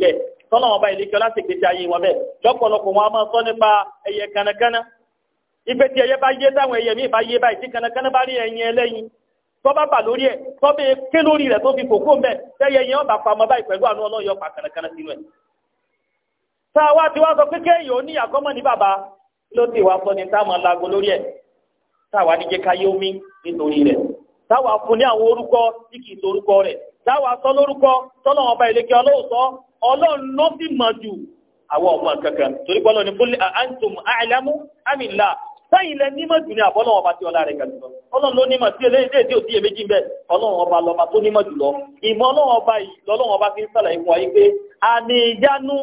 bẹ́ẹ̀ tọ́ba bà lórí ẹ̀ tọ́ba ké lórí tó fi kókó mbẹ́ tẹyẹ yẹn ọba pamọ́ báyìí pẹ̀lú àánú ọlọ́yọ̀ pa kànàkànà sínú tá a wá ti wá sọ pé kéèyàn ní àkọ́mọ́ ní bàbá ló ti wá sọ lórí ní jẹ́ káyé omi nítorí rẹ̀ tá fún ní àwọn orúkọ tí ọba ọlọ́run sẹ́yìn nímọ̀ jù ní àbọ́lọ́wọ́ ọba tí ọlá rẹ̀ ga jùlọ ọlọ́run nímọ̀ tí eléyìí tí ò sí èméjì ń bẹ ọlọ́run ọba lọba tó nímọ̀ jùlọ ìmọ̀ ọlọ́run ọba yìí lọ́lọ́run ọba fi ń sàlàyé fún wa yìí pé àníyanu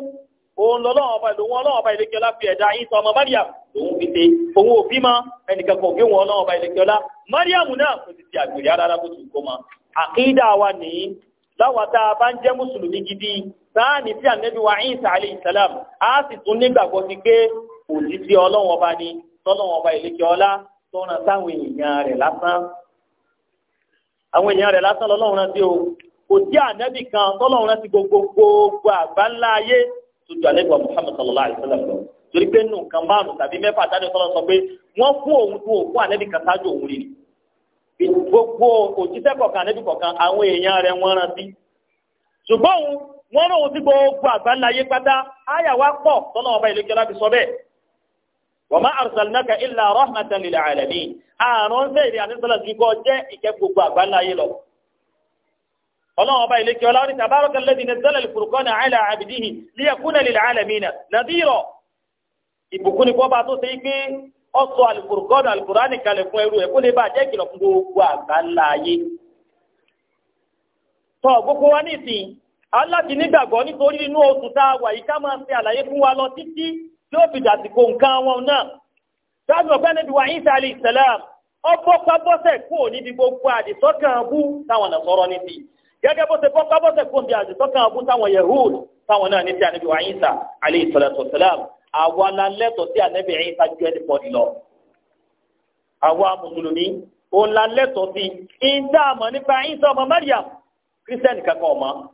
òun lọ́lọ́run ọba ìlòun ọlọ́run ọba ìlẹ́kẹ́lá fi ẹ̀dá ìtọ́ ọmọ Mariam òun fi ṣe òun òbí ma ẹnìkan kan òbí wọn ọlọ́run ọba ìlẹ́kẹ́lá Mariam náà kò ti ti àgbèrè rárá bó ti kó ma àkídà wa nìyí láwa tá a bá ń salam á sì tún nígbàgbọ́ tọ́lọ́ wọn ọba ìlékè ọlá tó ń ran sáwọn èèyàn rẹ̀ lásán àwọn èèyàn rẹ̀ lásán lọ́lọ́run rántí o kò sí ànábì kan tọ́lọ́run rántí gbogbo gbogbo àgbáńlá ayé tó ju ànábì wa Muhammad sallallahu alayhi wa sallam lọ torí pé nù kan márùn tàbí mẹ́fà tàbí ọ̀sán sọ pé wọ́n fún òun tó òkú ànẹ́bí kan ṣáájú òun rírì gbogbo òjíṣẹ́ kọ̀ọ̀kan ànẹ́bí kọ̀ọ̀kan àwọn èèyàn rẹ̀ wọ́n rántí ṣùgbọ́n òun wọ́n rán òun sí gbogbo pátá áyà wá pọ̀ tọ́nà wọ́n máa arsalnaka illa rahmatan lil alamin àrùn ṣe ìrìn àdínsọ́lá ju kọ́ jẹ́ ìkẹ́ gbogbo àgbáńlá yìí lọ. ọlọ́run ọba ìlẹ́kẹ́ ọlọ́run tabaraka alladhi nazzala al-furqana ala abdihi liyakuna lil alamina nadira ìbùkún ni kọ́ba tó ṣe é gbé ọ̀sọ̀ al-furqana al-qur'ani kalẹ̀ fún ẹrú ẹ̀ kó lè bá jẹ́ kìlọ̀ fún gbogbo àgbáńlá yìí. tọ́ gbogbo wa ní ìsìn aláti nígbàgbọ́ nítorí inú oṣù tá a wà yìí ká máa ń ṣe àlàyé fún wa lọ títí tí ó fi dàsìkò nǹkan wọn náà sáàtì ọ̀pẹ́ níbi wa Isa alayhi salam ọbọ̀ pábọ́sẹ̀ kú níbi gbogbo àdìsọ́kàn abú táwọn náà sọ̀rọ̀ níbi gẹ́gẹ́ bó ṣe bọ́ pábọ́sẹ̀ kú níbi àdìsọ́kàn abú táwọn Yahud táwọn náà ní sí àníbi wa Isa alayhi salam àwa la lẹ́tọ̀ọ́ sí àníbi Isa ju ẹni pọ̀ lọ àwa mùsùlùmí òun la lẹ́tọ̀ọ́ sí ìdáàmọ̀ nípa Isa ọmọ Maryam kírísítẹ́nì kankan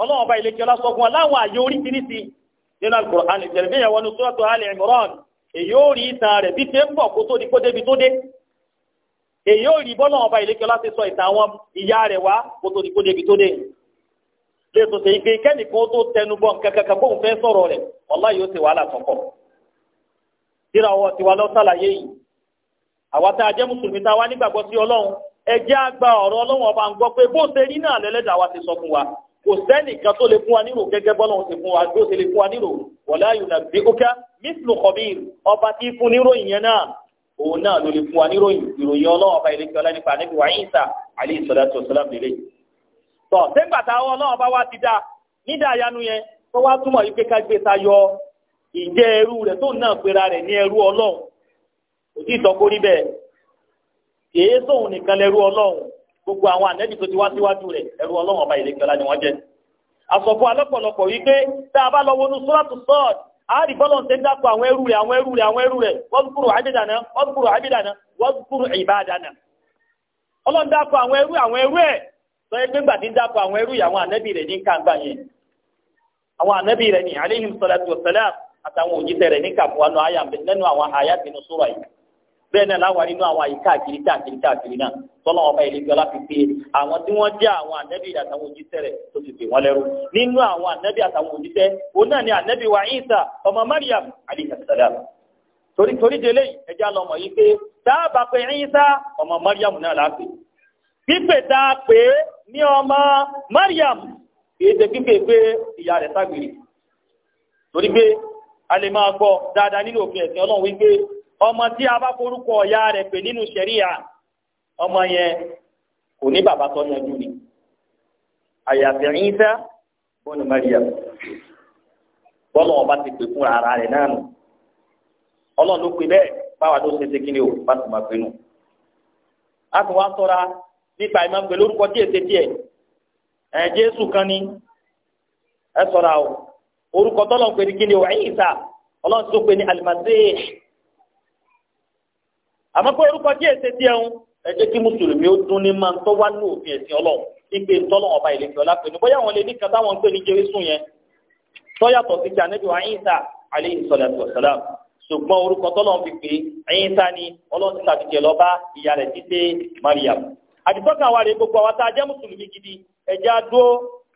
ọlọ́run ọba ìlẹ́kẹ́ ọlá sọ fún wa láwọn àyè oríṣiríṣi nínú Al-Qur'an Al-Karim yẹn wọnú Suratu Ali èyí ó rí ìtàn rẹ̀ bí ṣe ń bọ̀ kó tó di débi tó dé èyí ó rí sọ ìtàn àwọn ìyá rẹ̀ wá kó tó di tó dé lè tó ṣe ìgbé tó tẹnu bóun fẹ́ sọ̀rọ̀ rẹ̀ yóò wàhálà yìí àwa tá a jẹ́ mùsùlùmí tá a wá nígbàgbọ́ sí ọlọ́run ẹ jẹ́ àgbà ọ̀rọ̀ ọlọ́run ọba ń gbọ́ náà lẹ́lẹ́dàá wa kò sẹ́nìkan tó lè fún wa nírò gẹ́gẹ́ bọ́lá òun ti fún wa bí ó ti lè fún wa nírò wọ̀lá yùnà bí ó ká mísìlù kọ̀bíìn ọba tí fún níròyìn yẹn náà òun náà ló lè fún wa níròyìn ìròyìn ọlọ́wọ́ ọba ilé kíọ́lá nípa níbi wàá yín sà àlẹ́ ìsọ̀dá tó sọ́lá bẹ̀rẹ̀. tọ́ sẹ́gbà tá ọlọ́wọ́ bá wá ti dá nídà yanu yẹn tó wá túmọ̀ yìí ká gbé ta yọ ìjẹ́ ẹrú rẹ̀ tó náà pera rẹ̀ ní ẹrú ọlọ́run kò tí ì sọ kó rí nìkan lẹrú ọlọ́run gbogbo àwọn ànẹ́bí tó ti wá síwájú rẹ̀ ẹ̀rù ọlọ́run ọba ìlẹ́kẹ̀ọ́lá ni wọ́n jẹ́ alọpọlọpọ alọ́pọ̀lọpọ̀ wípé tá a bá lọ wọnú sọ́ọ̀tù sọ́ọ̀t àárí bọ́lọ̀ ń dákọ̀ àwọn ẹrú rẹ̀ àwọn ẹrú rẹ̀ àwọn ẹrú rẹ̀ wọ́n kúrò àbídànà wọ́n kúrò àbídànà wọ́n kúrò ìbádànà eru e, eru bẹ́ẹ̀ náà láwa nínú àwọn àyíká àkiri káàkiri káàkiri náà tọ́lá ọba ìlẹ́gbẹ́ láti pé àwọn tí wọ́n jẹ́ àwọn ànẹ́bí àtàwọn òjíṣẹ́ rẹ̀ tó ti pè wọ́n lẹ́rú nínú àwọn ànẹ́bí àtàwọn ni ànẹ́bí wa ọmọ Mariam aleyhisselam torí torí délé ẹja lọmọ yìí pé dáàbà pé Ìsá ọmọ Mariam náà láti pípè tá a pè Mariam kì í ṣe pípè pé ọmọ tí a bá forúkọ ọ̀yá rẹ̀ pè nínú ṣẹ̀ríà ọmọ yẹn kò ní bàbá tó yanjú ni àyàfi Ìsá bọ́ọ̀nù Maryam ọba ti pè fún ara rẹ̀ náà nù ọlọ́run ló pe bẹ́ẹ̀ báwa ló ṣe o bá máa a tún wá nípa ìmọ̀ lórúkọ díẹ̀ àmọ́ pé orúkọ díẹ̀ ṣe díẹ̀ ń ẹ jẹ́ kí mùsùlùmí ó dún ní máa ń tọ́ wá ní òfin ẹ̀sìn ọlọ́run ìpè ń tọ́lọ́ ọba ìlẹ́fẹ̀ ọlápẹ̀ ní bóyá àwọn lè kan táwọn ń pè ní jésù yẹn tọ́yàtọ̀ sí ti ànábì wa Ìsá alayhi salatu salam ṣùgbọ́n orúkọ tọ́lọ́ fi pé Ìsá ni ọlọ́run Mariam àdìsọ́kàn wa rèé gbogbo àwọn tá a jẹ́ mùsùlùmí gidi ẹ̀já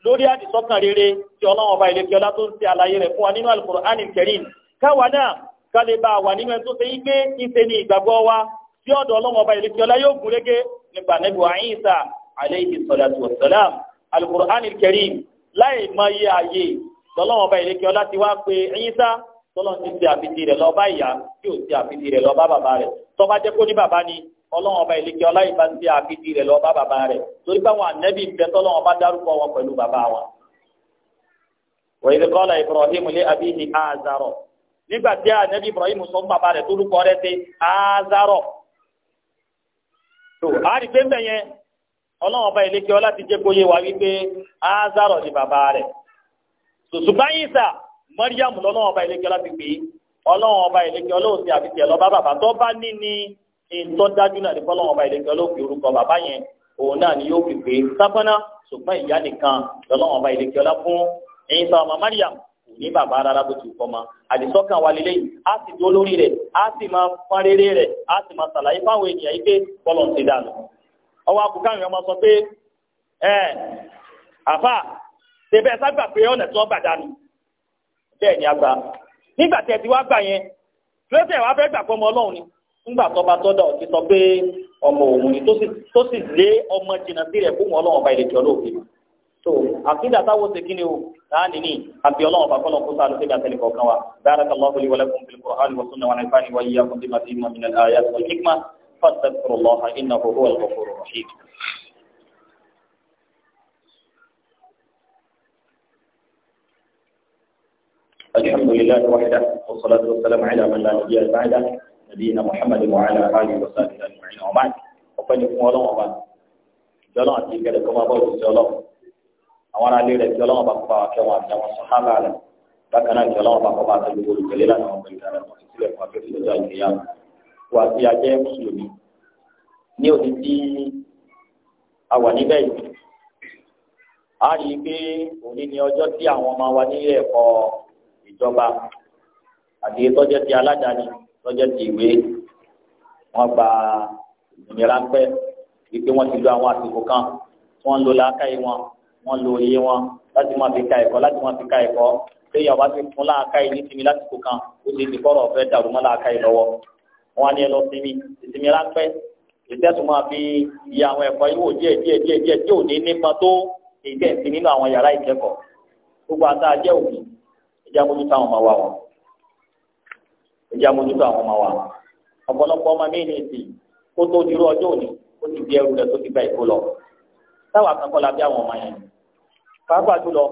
lórí àdìsọ́kàn rere tí ọlọ́run ọba ìlẹ́fẹ̀ ọlá tó ń ṣe àlàyé rẹ̀ fún wa nínú Al-Qur'anil kálíbà wà nínú ẹni tó ṣe yí pé ìṣe ni ìgbàgbọ́ wa tí ọ̀dọ̀ ọlọ́wọ́n ọba ìrètí ọlá yóò gún régé nípa nẹ́bù àyíǹsà alayhi salatu wassalam alukur'an karim láì mọ iye ààyè lọ́lọ́wọ́n ọba ìrètí ọlá ti wá pé Ìsá tọ́lọ́n ti ṣe àfitì rẹ̀ lọ bá ìyá tí ò ṣe àfitì rẹ̀ lọ bá bàbá rẹ̀ tọ́ba jẹ́ kó ní bàbá ni ọlọ́wọ́n ọba ìlékè ọlá ìbá ṣe àfitì rẹ̀ lọ bá bàbá rẹ̀ torí pé àwọn ànẹ́bí ń bẹ tọ́lọ́wọ́n bá dárúkọ wọn pẹ̀lú bàbá wọn. wa idh qala Ibrahim li abihi Azara nígbà tí ànábì Ibrahim sọ fún bàbá rẹ̀ tó lúkọ rẹ̀ ṣe azarọ̀ tó a rí pé mbẹ yẹn ọlọ́wọ́n ọba ìlékè ọlá ti jẹ́ kóyé wa wípé azarọ̀ ni bàbá rẹ̀ ṣùgbọ́n Ìsá Maryam lọ́wọ́n ọba ìlékè ọlá ti pè é ọlọ́wọ́n ọba ìlékè ọlọ́wọ́ ti àbí tiẹ̀ lọ bá bàbá tó bá ní ni ìtọ́ náà ní fọlọ́wọ́n ọba ìlékè ọlọ́wọ́ fi orúkọ bàbá yẹn òun náà ni yóò fi pè é sábọ́ná ṣùgbọ́n ìyá nìkan lọ́wọ́n ọba ìlékè ọlá fún Ìsá ọmọ Maryam ní bàbá rárá bó ti kọ́ ma àdìsọ́kàn wa lélẹ́yìn á sì dúró lórí rẹ̀ á sì máa pọ́n rere rẹ̀ á sì máa fáwọn ènìyàn yìí pé kọ́lọ̀ ń ti pé ẹ àfà tẹ̀bẹ́ pé ọ̀nà tí wọ́n gbà dànù bẹ́ẹ̀ ni a gbà nígbà tí ẹ ti wá yẹn fẹ́ gbà ọmọ ọlọ́run ni ńgbà sọ pé ọmọ òun ni tó ọba ìlẹ̀jọ́ lóògbé so àkídà táwọn ṣe kíni o láàánì ní àbí ọlọ́run bá kọ́lọ́ kó sáà ló ṣe gbà tẹ́lẹ̀ kọ̀ọ̀kan wa barakallahu li wa lakum fil qur'ani wa sunnah wa nafa'ani wa iyyakum bima fihi min al ayati wal hikma fastaghfirullaha innahu huwal ghafurur rahim. الحمد لله وحده والصلاة والسلام على من لا نبي بعده نبينا محمد وعلى آله وصحبه أجمعين وبعد ọpẹ́ ni fún Ọlọ́run ọba ìjọ náà ti gẹlẹ kọ máa bọ òṣìṣẹ́ Ọlọ́run àwọn ará ilé rẹ̀ tí ọlọ́wọ́n bá kọ́ bá wa kẹ́ wọn àti àwọn sọ́hábà rẹ̀ bákan náà tí ọlọ́wọ́n bá kọ́ bá wa tẹ́lẹ̀ gbogbo olùkẹ́lẹ́ lánàá wọn pẹ̀lú ìdára wọn sílẹ̀ fún afẹ́fẹ́ lọ́jọ́ àìníyá wa ti ajẹ́ mùsùlùmí ní òní tí a wà níbẹ̀ yìí a rí i pé òní ni ọjọ́ tí àwọn ọmọ wa nílé ẹ̀kọ́ ìjọba àti tọ́jẹ́ ti aládàáni tọ́jẹ́ ti ìwé wọ́n gba ìmìíràn pẹ́ wọ́n lo àwọn kan tí wọ́n ń wọn wọ́n lo òye wọn láti máa fi ka ẹ̀kọ́ láti máa fi ka ẹ̀kọ́ lẹ́yìn ọba ti fún láàka yìí nítorí lásìkò kan ó ti di kọ́rọ̀ ọ̀fẹ́ dàrú mọ́ láàka yìí lọ́wọ́ wọn á ní ẹ lọ sinmi ìsinmi ráńpẹ́ ìtẹ́sùn máa fi iye àwọn ẹ̀kọ́ yìí wò díẹ̀ díẹ̀ díẹ̀ díẹ̀ tí ò ní nípa tó ìgbẹ́ ìsìn nínú àwọn yàrá ìkẹ́kọ̀ọ́ gbogbo àtà jẹ́ òbí ìjà mójútó àwọn ọmọ wa wọn ìjà mójútó àwọn ọmọ wa ọ̀pọ̀lọpọ̀ ọmọ mi ní ìsìn kó tó dirú ọjọ́ òní ó ti di ẹrù rẹ̀ tó ti gba ìkó lọ táwa kankan la bí àwọn ọmọ yẹn pàápàá jùlọ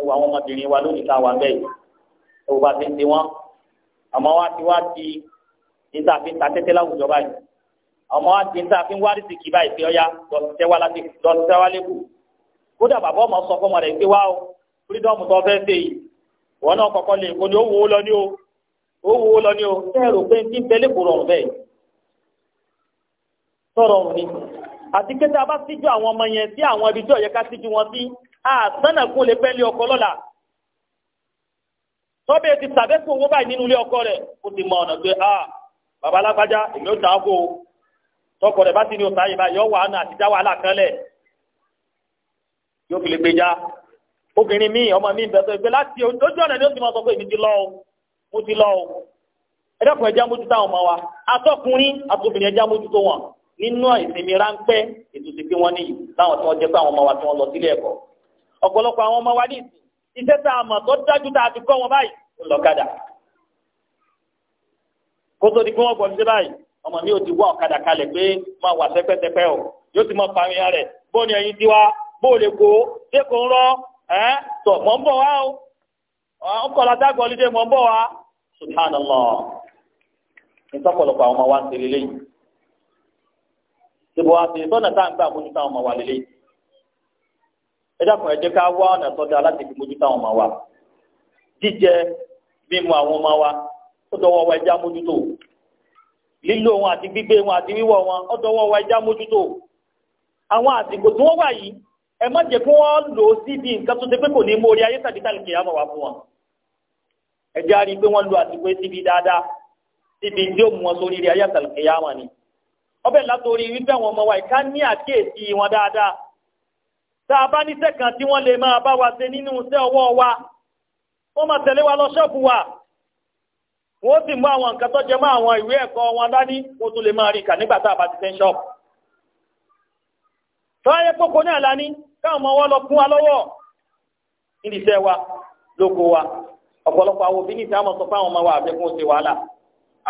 ẹwà àwọn ọmọbìnrin wa lónìí tá a wà bẹ́ẹ̀ ẹwà bá ti ń ti wọn àmọ́ wa ti wá di níta fi ń ta tẹ́tẹ́ láwùjọ báyìí àmọ́ wa ti níta fi ń wá rìsìkì báyìí pé ọya lọ́sítẹ́ wa lẹ́kù kódà bàbá ọmọ sọ fọmọ rẹ̀ pé wá o fúrídọ́ọ̀mù tó fẹ́ ṣe yìí wọn náà kọ́kọ́ lè kó ni ó wò lọ ní o ó wò lọ ní o sẹ́ẹ̀rù pé ń tí ń rọrùn bẹ́ẹ̀ sọ̀rọ̀ òní àti pé bá síjú àwọn ọmọ yẹn sí àwọn ibi tí ó síjú wọn sí àsánà kún lè pẹ́ lé ọkọ lọ́la tọ́bẹ̀ ti sàbẹ́sùn owó báyìí nínú ilé ọkọ rẹ̀ ó ti mọ ọ̀nà pé a ah, bàbá alágbájá èmi ó tàá kó tọkọ rẹ̀ bá ti ní òsàyè báyìí yọ wàhánà àti dá wàhálà yóò fi lè gbéjà obìnrin mi ọmọ mi bẹ̀rẹ̀ sọ pé láti ojú ọ̀nà ni ó ti mọ sọ pé èmi ti lọ o mo ti lọ o ẹ dẹ́kun ẹja mójútó àwọn ọmọ wa atọ́kùnrin àtòbìnrin ẹja mójútó wọn nínú ìsinmi ráńpẹ́ ètò ìsìnkú wọn nìyí láwọn tí wọ́n jẹ́ pé àwọn ọmọ wa tí wọ́n lọ sílé ẹ̀kọ́ ọ̀pọ̀lọpọ̀ àwọn ọmọ wa ní ìsìn iṣẹ́ tá a mọ̀ tó dájú tá a ti kọ́ wọn báyìí ń lọ kádà kó tó di pé wọ́n gbọ́ ní báyìí ọmọ mi ò ti wá ọ̀kadà kalẹ̀ pé máa wà sẹ́pẹ́sẹ́pẹ́ o yóò ti mọ pàmìyàn rẹ̀ bó ni ẹ̀yin tiwa bó lè kó dẹ́kun ń rọ ẹ́ tọ̀ mọ̀ ń bọ̀ wá o ọkọ̀lá dágbọ̀ lídé mọ̀ ń bọ̀ wá subhanallah ìtọ́pọ̀lọpọ̀ àwọn ọmọ wa ń ṣe lélẹ́yìn ṣùgbọ́n àti ìtọ́nà tá à ń gbà mójútó àwọn ẹ dákun ká wá ọ̀nà tó láti fi mójútó àwọn ọmọ wa jíjẹ mímu àwọn ọmọ wa ó dọwọ́ wa ẹja mójútó lílo wọn àti gbígbé wọn àti wíwọ̀ wọn ó dọwọ́ wa ẹja mójútó àwọn àsìkò tí wọ́n wà yìí ẹ má jẹ́ kí wọ́n lò ó síbi nǹkan tó ṣe pé kò ní mú orí ayé tàbí tàbí àmọ̀ wá fún wọn ẹ àrí pé wọ́n lo àsìkò síbi dáadáa síbi tí ó mú wọn sórí ilé ayé tàbí àmọ̀ ni ọbẹ̀ látòrí wípé àwọn ọmọ wa ìka ní àkíyèsí wọn dáadáa tá a bá níṣẹ́ kan tí wọ́n lè máa bá wa ṣe nínú iṣẹ́ ọwọ́ wa wọ́n máa tẹ̀lé wa lọ ṣọ́ọ̀bù wa wọ́n sì mú àwọn nǹkan tó jẹ mọ́ àwọn ìwé ẹ̀kọ́ wọn dání wọ́n tún lè máa rí kà nígbà tá a ti ṣe tọ́yẹ kókó náà la ní káwọn ọmọ wọn lọ fún wa lọ́wọ́ níbi iṣẹ́ wa lóko wa ọ̀pọ̀lọpọ̀ àwọn òbí nìta mọ̀ sọ fáwọn ọmọ wa àfẹ́ kún ó wàhálà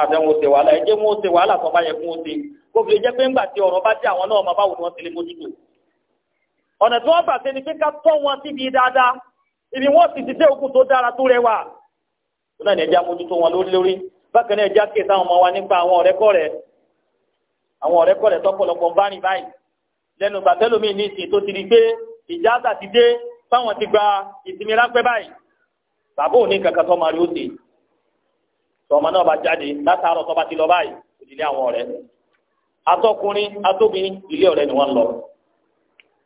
àfẹ́ wọn ó wàhálà ẹ̀jẹ̀ wọn ó wàhálà tó bá yẹ kún ó ṣe kó pé ńgbà tí ọ̀rọ̀ bá dé àwọn náà ọmọ báwo ni wọ́n ti lè mójútó ọ̀nà tí wọ́n bà ṣe ni pé ká tọ́ wọn síbi dáadáa ibi wọ́n sì ti dé okùn tó dára tó rẹwà tó náà ní ẹja mójútó wọn lórí lórí bákan náà ẹja kéèsì àwọn ọmọ wa nípa àwọn ọ̀rẹ́kọ̀rẹ́ àwọn ọ̀rẹ́kọ̀rẹ́ tọ́pọ̀lọpọ̀ ń bá rìn báyìí lẹ́nu bàtẹ́lómi ní ìsìn tó ti di pé ìjáàsà ti dé fáwọn ti gba ìsinmi ráńpẹ́ báyìí bàbá òní kankan tó máa rí ó sì tọmọ náà bá jáde látàárọ̀ tó bá ti lọ báyìí òdìlé àwọn ọ̀rẹ́ atọ́kùnrin atóbìnrin ilé ọ̀rẹ́ ni wọ́n lọ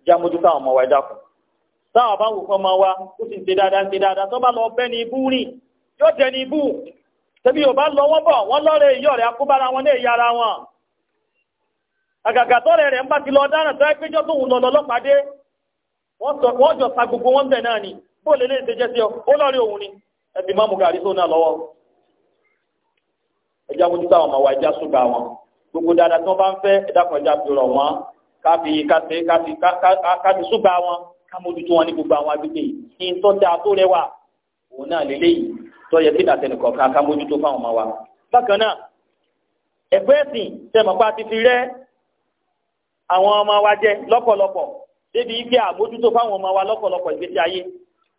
já mójútó ọmọ wa ẹ̀dá kù táwọn bá wò fún wa ó sì ń ṣe dáadáa ń ṣe dáadáa tó bá lọ bẹ́ ní ibú rìn yóò ní ibú yóò lọ wọ́n bọ̀ wọ́n lọ́rẹ̀ èyí ọ̀rẹ́ akúbára wọn na èyí wọn àgàgà tọ́rẹ̀ rẹ̀ ti lọ dáràn tó ẹ́ wọ́n jọ sa gbogbo wọn bẹ̀ náà ni bó ṣe jẹ́ sí ọ ó lọ́rẹ̀ òun ni ẹbí má mú gàrí sóun wa wọn gbogbo dáadáa káfí káfí káfí káfí súgbà wọn kámójútó wọn ní gbogbo àwọn agbègbè yìí ní tó dáa tó rẹwà òun náà lélẹ́yìí tó yẹ kí nàtẹnìkọ̀ ká kámójútó fáwọn ọmọ wa. bákan náà ẹ̀kọ́ ẹ̀sìn tẹ̀mọ̀pá ti fi rẹ́ àwọn ọmọ wa jẹ lọ́pọ̀lọpọ̀ débi ike àmójútó fáwọn ọmọ wa lọ́pọ̀lọpọ̀ ìgbésí ayé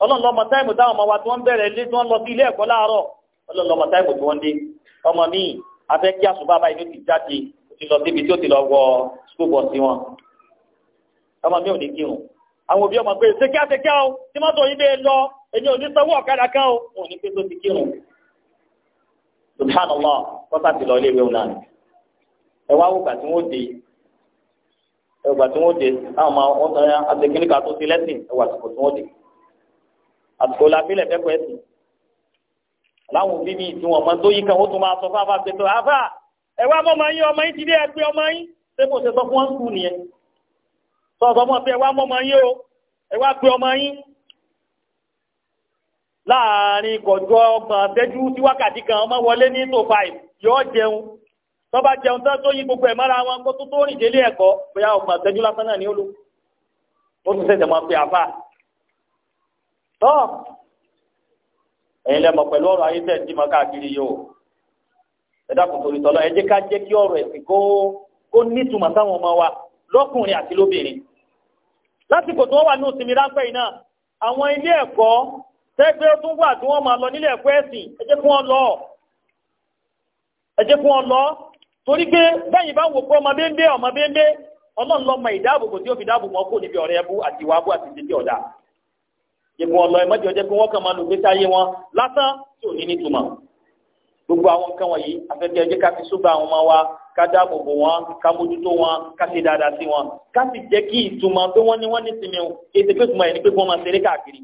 ọlọ́run lọ́mọ táìmù táwọn ọmọ wa tí wọ́n bẹ̀rẹ̀ lé tí wọ́n lọ sí ilé ẹ̀kọ́ láàárọ̀ ọlọ́run lọ́mọ táìmù tí wọ́n dé ọmọ míì afẹ́ kí àṣùbà báyìí ló ti jáde ti lọ síbi tí ó ti lọ wọ skul bọ̀sì wọn ọmọ mi ò ní kírun àwọn òbí ọmọ pé ṣékíá ṣékíá o tí mọ́tò yìí bẹ́ẹ̀ lọ èmi ò sanwó ọ̀kadà kan o wọn ò ní pé tó ti kírun subhanallah kọ́sà ti lọ ilé ìwé òun ẹ wá wò gbà tí wọ́n dé ẹ gbà tí wọ́n dé àwọn ọmọ wọn sọ yẹn àtẹkíníkà tó ti lẹ́sìn ẹ wà àsìkò tí wọ́n dé àsìkò làbílẹ̀ fẹ́kọ̀ọ́ ẹ̀sìn láwọn òbí mi tí wọ́n mọ kan ó tún máa sọ fáfá ṣètò àfà ẹ̀wá mọ́ ọmọ yín ọmọ yín ti dé ẹgbẹ́ ọmọ yín ṣé kò ṣe sọ fún wọn kù nìyẹn sọ sọ fún ọ pé ẹ̀wá mọ́ ọmọ yín o ẹ̀wá pé ọmọ yín láàrin kọjọ ọgbọ̀n ṣẹ́jú sí wákàtí kan ọmọ wọlé ní tó five yóò jẹun tó bá jẹun tán tó yí gbogbo ẹ̀ mọ́ra wọn kó tó tó rìn délé ẹ̀kọ́ bóyá ọgbọ̀n ṣẹ́jú lásán náà ní ó ó tún ṣẹ̀ṣẹ̀ mọ́ pé àfà tọ́ ẹ̀yin lẹ́mọ̀ pẹ̀lú ọ̀rọ̀ ayé tẹ̀ ń dì mọ́ káàkiri yìí o. ẹ dákun torí tọ́lọ́ ẹ jẹ́ ká jẹ́ kí ọ̀rọ̀ ẹ̀sìn kó kó nítumọ̀ sáwọn ọmọ wa lọ́kùnrin àti lóbìnrin lásìkò tó wà ní òsinmi ráńpẹ́ iná àwọn ilé ẹ̀kọ́ tẹ́gbẹ́ tó wà tí wọ́n máa lọ nílé ẹ̀kọ́ ẹ̀sìn ẹ jẹ́ lọ torí pé bẹ́yìn bá ń wò pé ọmọ ọmọ ọlọ́run ìdáàbòbò tí ó níbi gbogbo àwọn nǹkan wọ̀nyí afẹ́fẹ́ ẹjẹ́ ká fi sóbà àwọn ọmọ wa ká dáàbò bò wọn ká mójútó wọn ká ṣe dáadáa sí wọn ká sì jẹ́ kí ìtumọ̀ pé wọ́n ní wọ́n ní sinmi o kì pé ìtumọ̀ yẹn ni pé wọ́n máa ṣeré káàkiri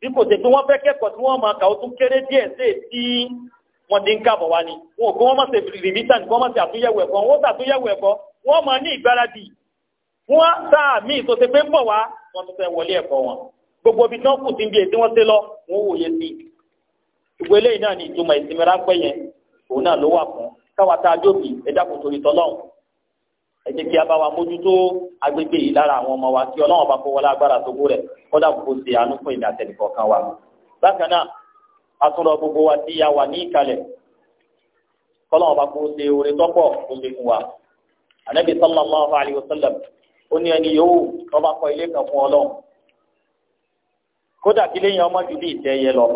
bí kò ṣe pé wọ́n fẹ́ kẹ́kọ̀ọ́ tí wọ́n máa kà ó tún kéré díẹ̀ sí èsì wọn dín káàbọ̀ wá ni wọn ò kó wọ́n máa ṣe rìmítàn kó wọ́n máa ṣe àtúnyẹ̀wò ẹ̀kọ́ wọn ó ṣàtúnyẹ̀wò ẹ̀kọ́ wọ́n máa ní ìgbáradì fún sáà míì tó ṣe pé ń bọ̀ wá wọ́n tún fẹ́ wọlé ẹ̀kọ́ wọn gbogbo ibi tí wọ́n kù sí ibi èyí tí ṣe lọ wọ́n wòye sí i gbogbo eléyìí náà ní ìtumọ̀ ìsinmi ráńpẹ́ yẹn òun náà ló wà fún káwa tá a jókì ẹ torí ẹ jẹ́ wa mójútó agbègbè yìí lára àwọn ọmọ wa kí ọlọ́run bá fọwọ́ lágbára tó gbó rẹ̀ kọ́dà kó ṣe àánú fún ìlà tẹ̀lifọ̀kan wa. bákan náà gbogbo wa ti a wà ní ìkàlẹ̀ kọ́lọ́run bá kó ṣe oore tọ́pọ̀ kó ṣe fún wa. anabi sallallahu alayhi wa sallam ó ní ẹni yòówù tó bá ilé kan fún ọlọ́run kódà kí ọmọ bí ìtẹ́ yẹ lọ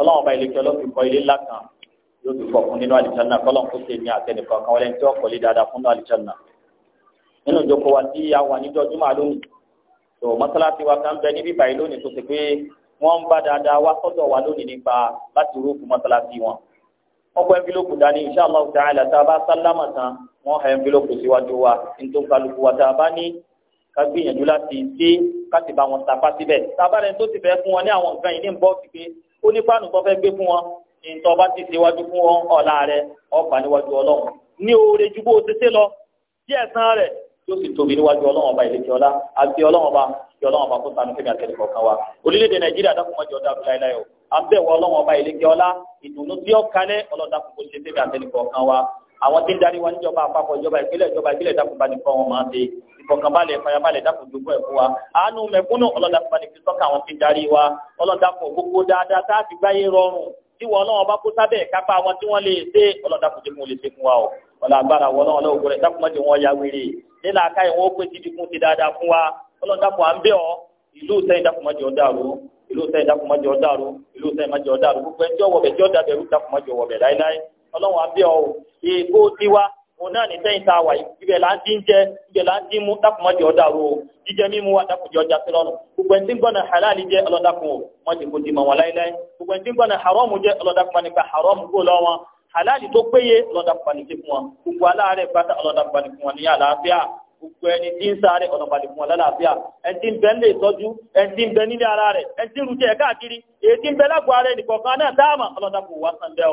ọlọ́run ọba ilé kí ọlọ́run kọ́ ilé ńlá kan yóò fi kọ́ fún nínú àlìjáná kọ́lọ́run kó ṣe ní àtẹnìkan kan wọlé tí ọkọ̀ lé dáadáa fún nínú àlìjáná nínú ìjókòó wa tí a wà níjọ́ jùmọ̀ lónìí tó mọ́sálásí wa kan bẹ níbí báyìí lónìí tó ṣe pé wọ́n ń bá dáadáa wá sọ́dọ̀ wa lónìí nípa láti rúfù mọ́sálásí wọn wọ́n kọ ẹnfílópù dání inṣàlọ́ọ̀ ta'ala tá a bá sálámà tán wọ́n ha ẹnfílópù síwájú wa nítorí kálukú wa tá a bá ní ká gbìyànjú láti dé ká sì bá wọn tapá síbẹ̀ ó ní pàánù kọ́ fẹ́ gbé fún wọn ìtọ́ bá ti ṣèwájú fún wọn ọ̀la rẹ ọ̀pá níwájú ọlọ́run ní oore ju bó o tètè lọ díẹ̀ san rẹ̀ yóò sì tóbi níwájú ọlọ́run ọba ìlẹ́tì ọlá àti ọlọ́run ọba àti ọlọ́run ọba kó sanu fẹ́mi àtẹ̀lẹ́ kọ̀ọ̀kan wa orílẹ̀-èdè nàìjíríà dákúnmọ́jọ ọ̀dà abdullahi láyọ̀ àbẹ̀wò ọlọ́run ọba ìlẹ́tì ọlá ìdùnnú tí ó kalẹ̀ ọlọ́dà ṣe fẹ́mi àtẹ̀lẹ́ kọ̀ọ̀kan wa àwọn tí ń darí wa níjọba àpapọ̀ ìjọba ìpínlẹ̀ ìjọba ìpínlẹ̀ dákun bá nìkan wọn máa ṣe ìfọkànbalẹ̀ ìfàyàbalẹ̀ dákun dúpọ̀ ẹ̀kú wa àánú mẹ̀kúnnù ọlọ́dàkùn ní fisọ́kà àwọn tí ń darí wa ọlọ́dàkùn gbogbo dáadáa tá a ti gbáyé rọrùn tí wọn náà bá kó sábẹ́ kápá wọn tí wọ́n lè ṣe ọlọ́dàkùn tí mo lè ṣe fún wa o ọ̀là agbára wọn náà lọ́wọ́ rẹ̀ dákun mọ́tì wọn ya wèrè nílà aká ìwọ̀n ó pè síbi fún ti dáadáa fún wa ọlọ́dàkùn à ń bẹ̀ ọ́ ìlú sẹ́yìn dákun mọ́tì ọ̀ dàrú ìlú sẹ́yìn dákun dàrú gbogbo ẹjọ́ wọ̀bẹ̀ tí ó dàbẹ̀rù wọ̀bẹ̀ láíláí ọlọ́run àbí ọ o èèbó tiwa òun náà ní sẹ́yìn tá a wà yìí ibẹ̀ là ń dín jẹ ibẹ̀ là ń dín mú dákun ọ̀dà o jíjẹ mímu wa dákun jẹ ọjà sílọ́nù gbogbo ẹni tí ń gbọ́nà halali jẹ ọlọ́dàkun o mọ́jì kò dìmọ̀ wọn láíláí gbogbo ẹni tí ń gbọ́nà haramu jẹ ọlọ́dàkun nípa haramu kó lọ́ halali tó péye ọlọ́dàkun ní ti fún wọn gbogbo aláàárẹ̀ bàtà ọlọ́dàkun ní fún wọn ní àlàáfíà gbogbo ẹni tí ń sáré ọ̀nà balẹ̀ fún ọlọ́láàfíà ẹni tí ń bẹ nílé ìtọ́jú ẹni tí ń bẹ nílé ara rẹ̀ ẹni tí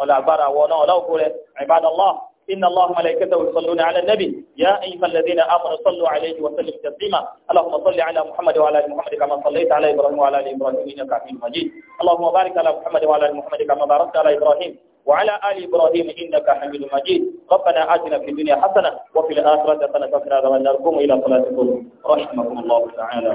ولا عبارة ولا ولا قولة عباد الله إن الله ملائكته يصلون على النبي يا أيها الذين آمنوا صلوا عليه وسلموا تسليما اللهم صل على محمد وعلى آل محمد كما صليت على إبراهيم وعلى آل إبراهيم إنك حميد مجيد اللهم بارك على محمد وعلى آل محمد كما باركت على إبراهيم وعلى آل إبراهيم إنك حميد مجيد ربنا آتنا في الدنيا حسنة وفي الآخرة حسنة وقنا عذاب النار قوموا إلى صلاتكم رحمكم الله تعالى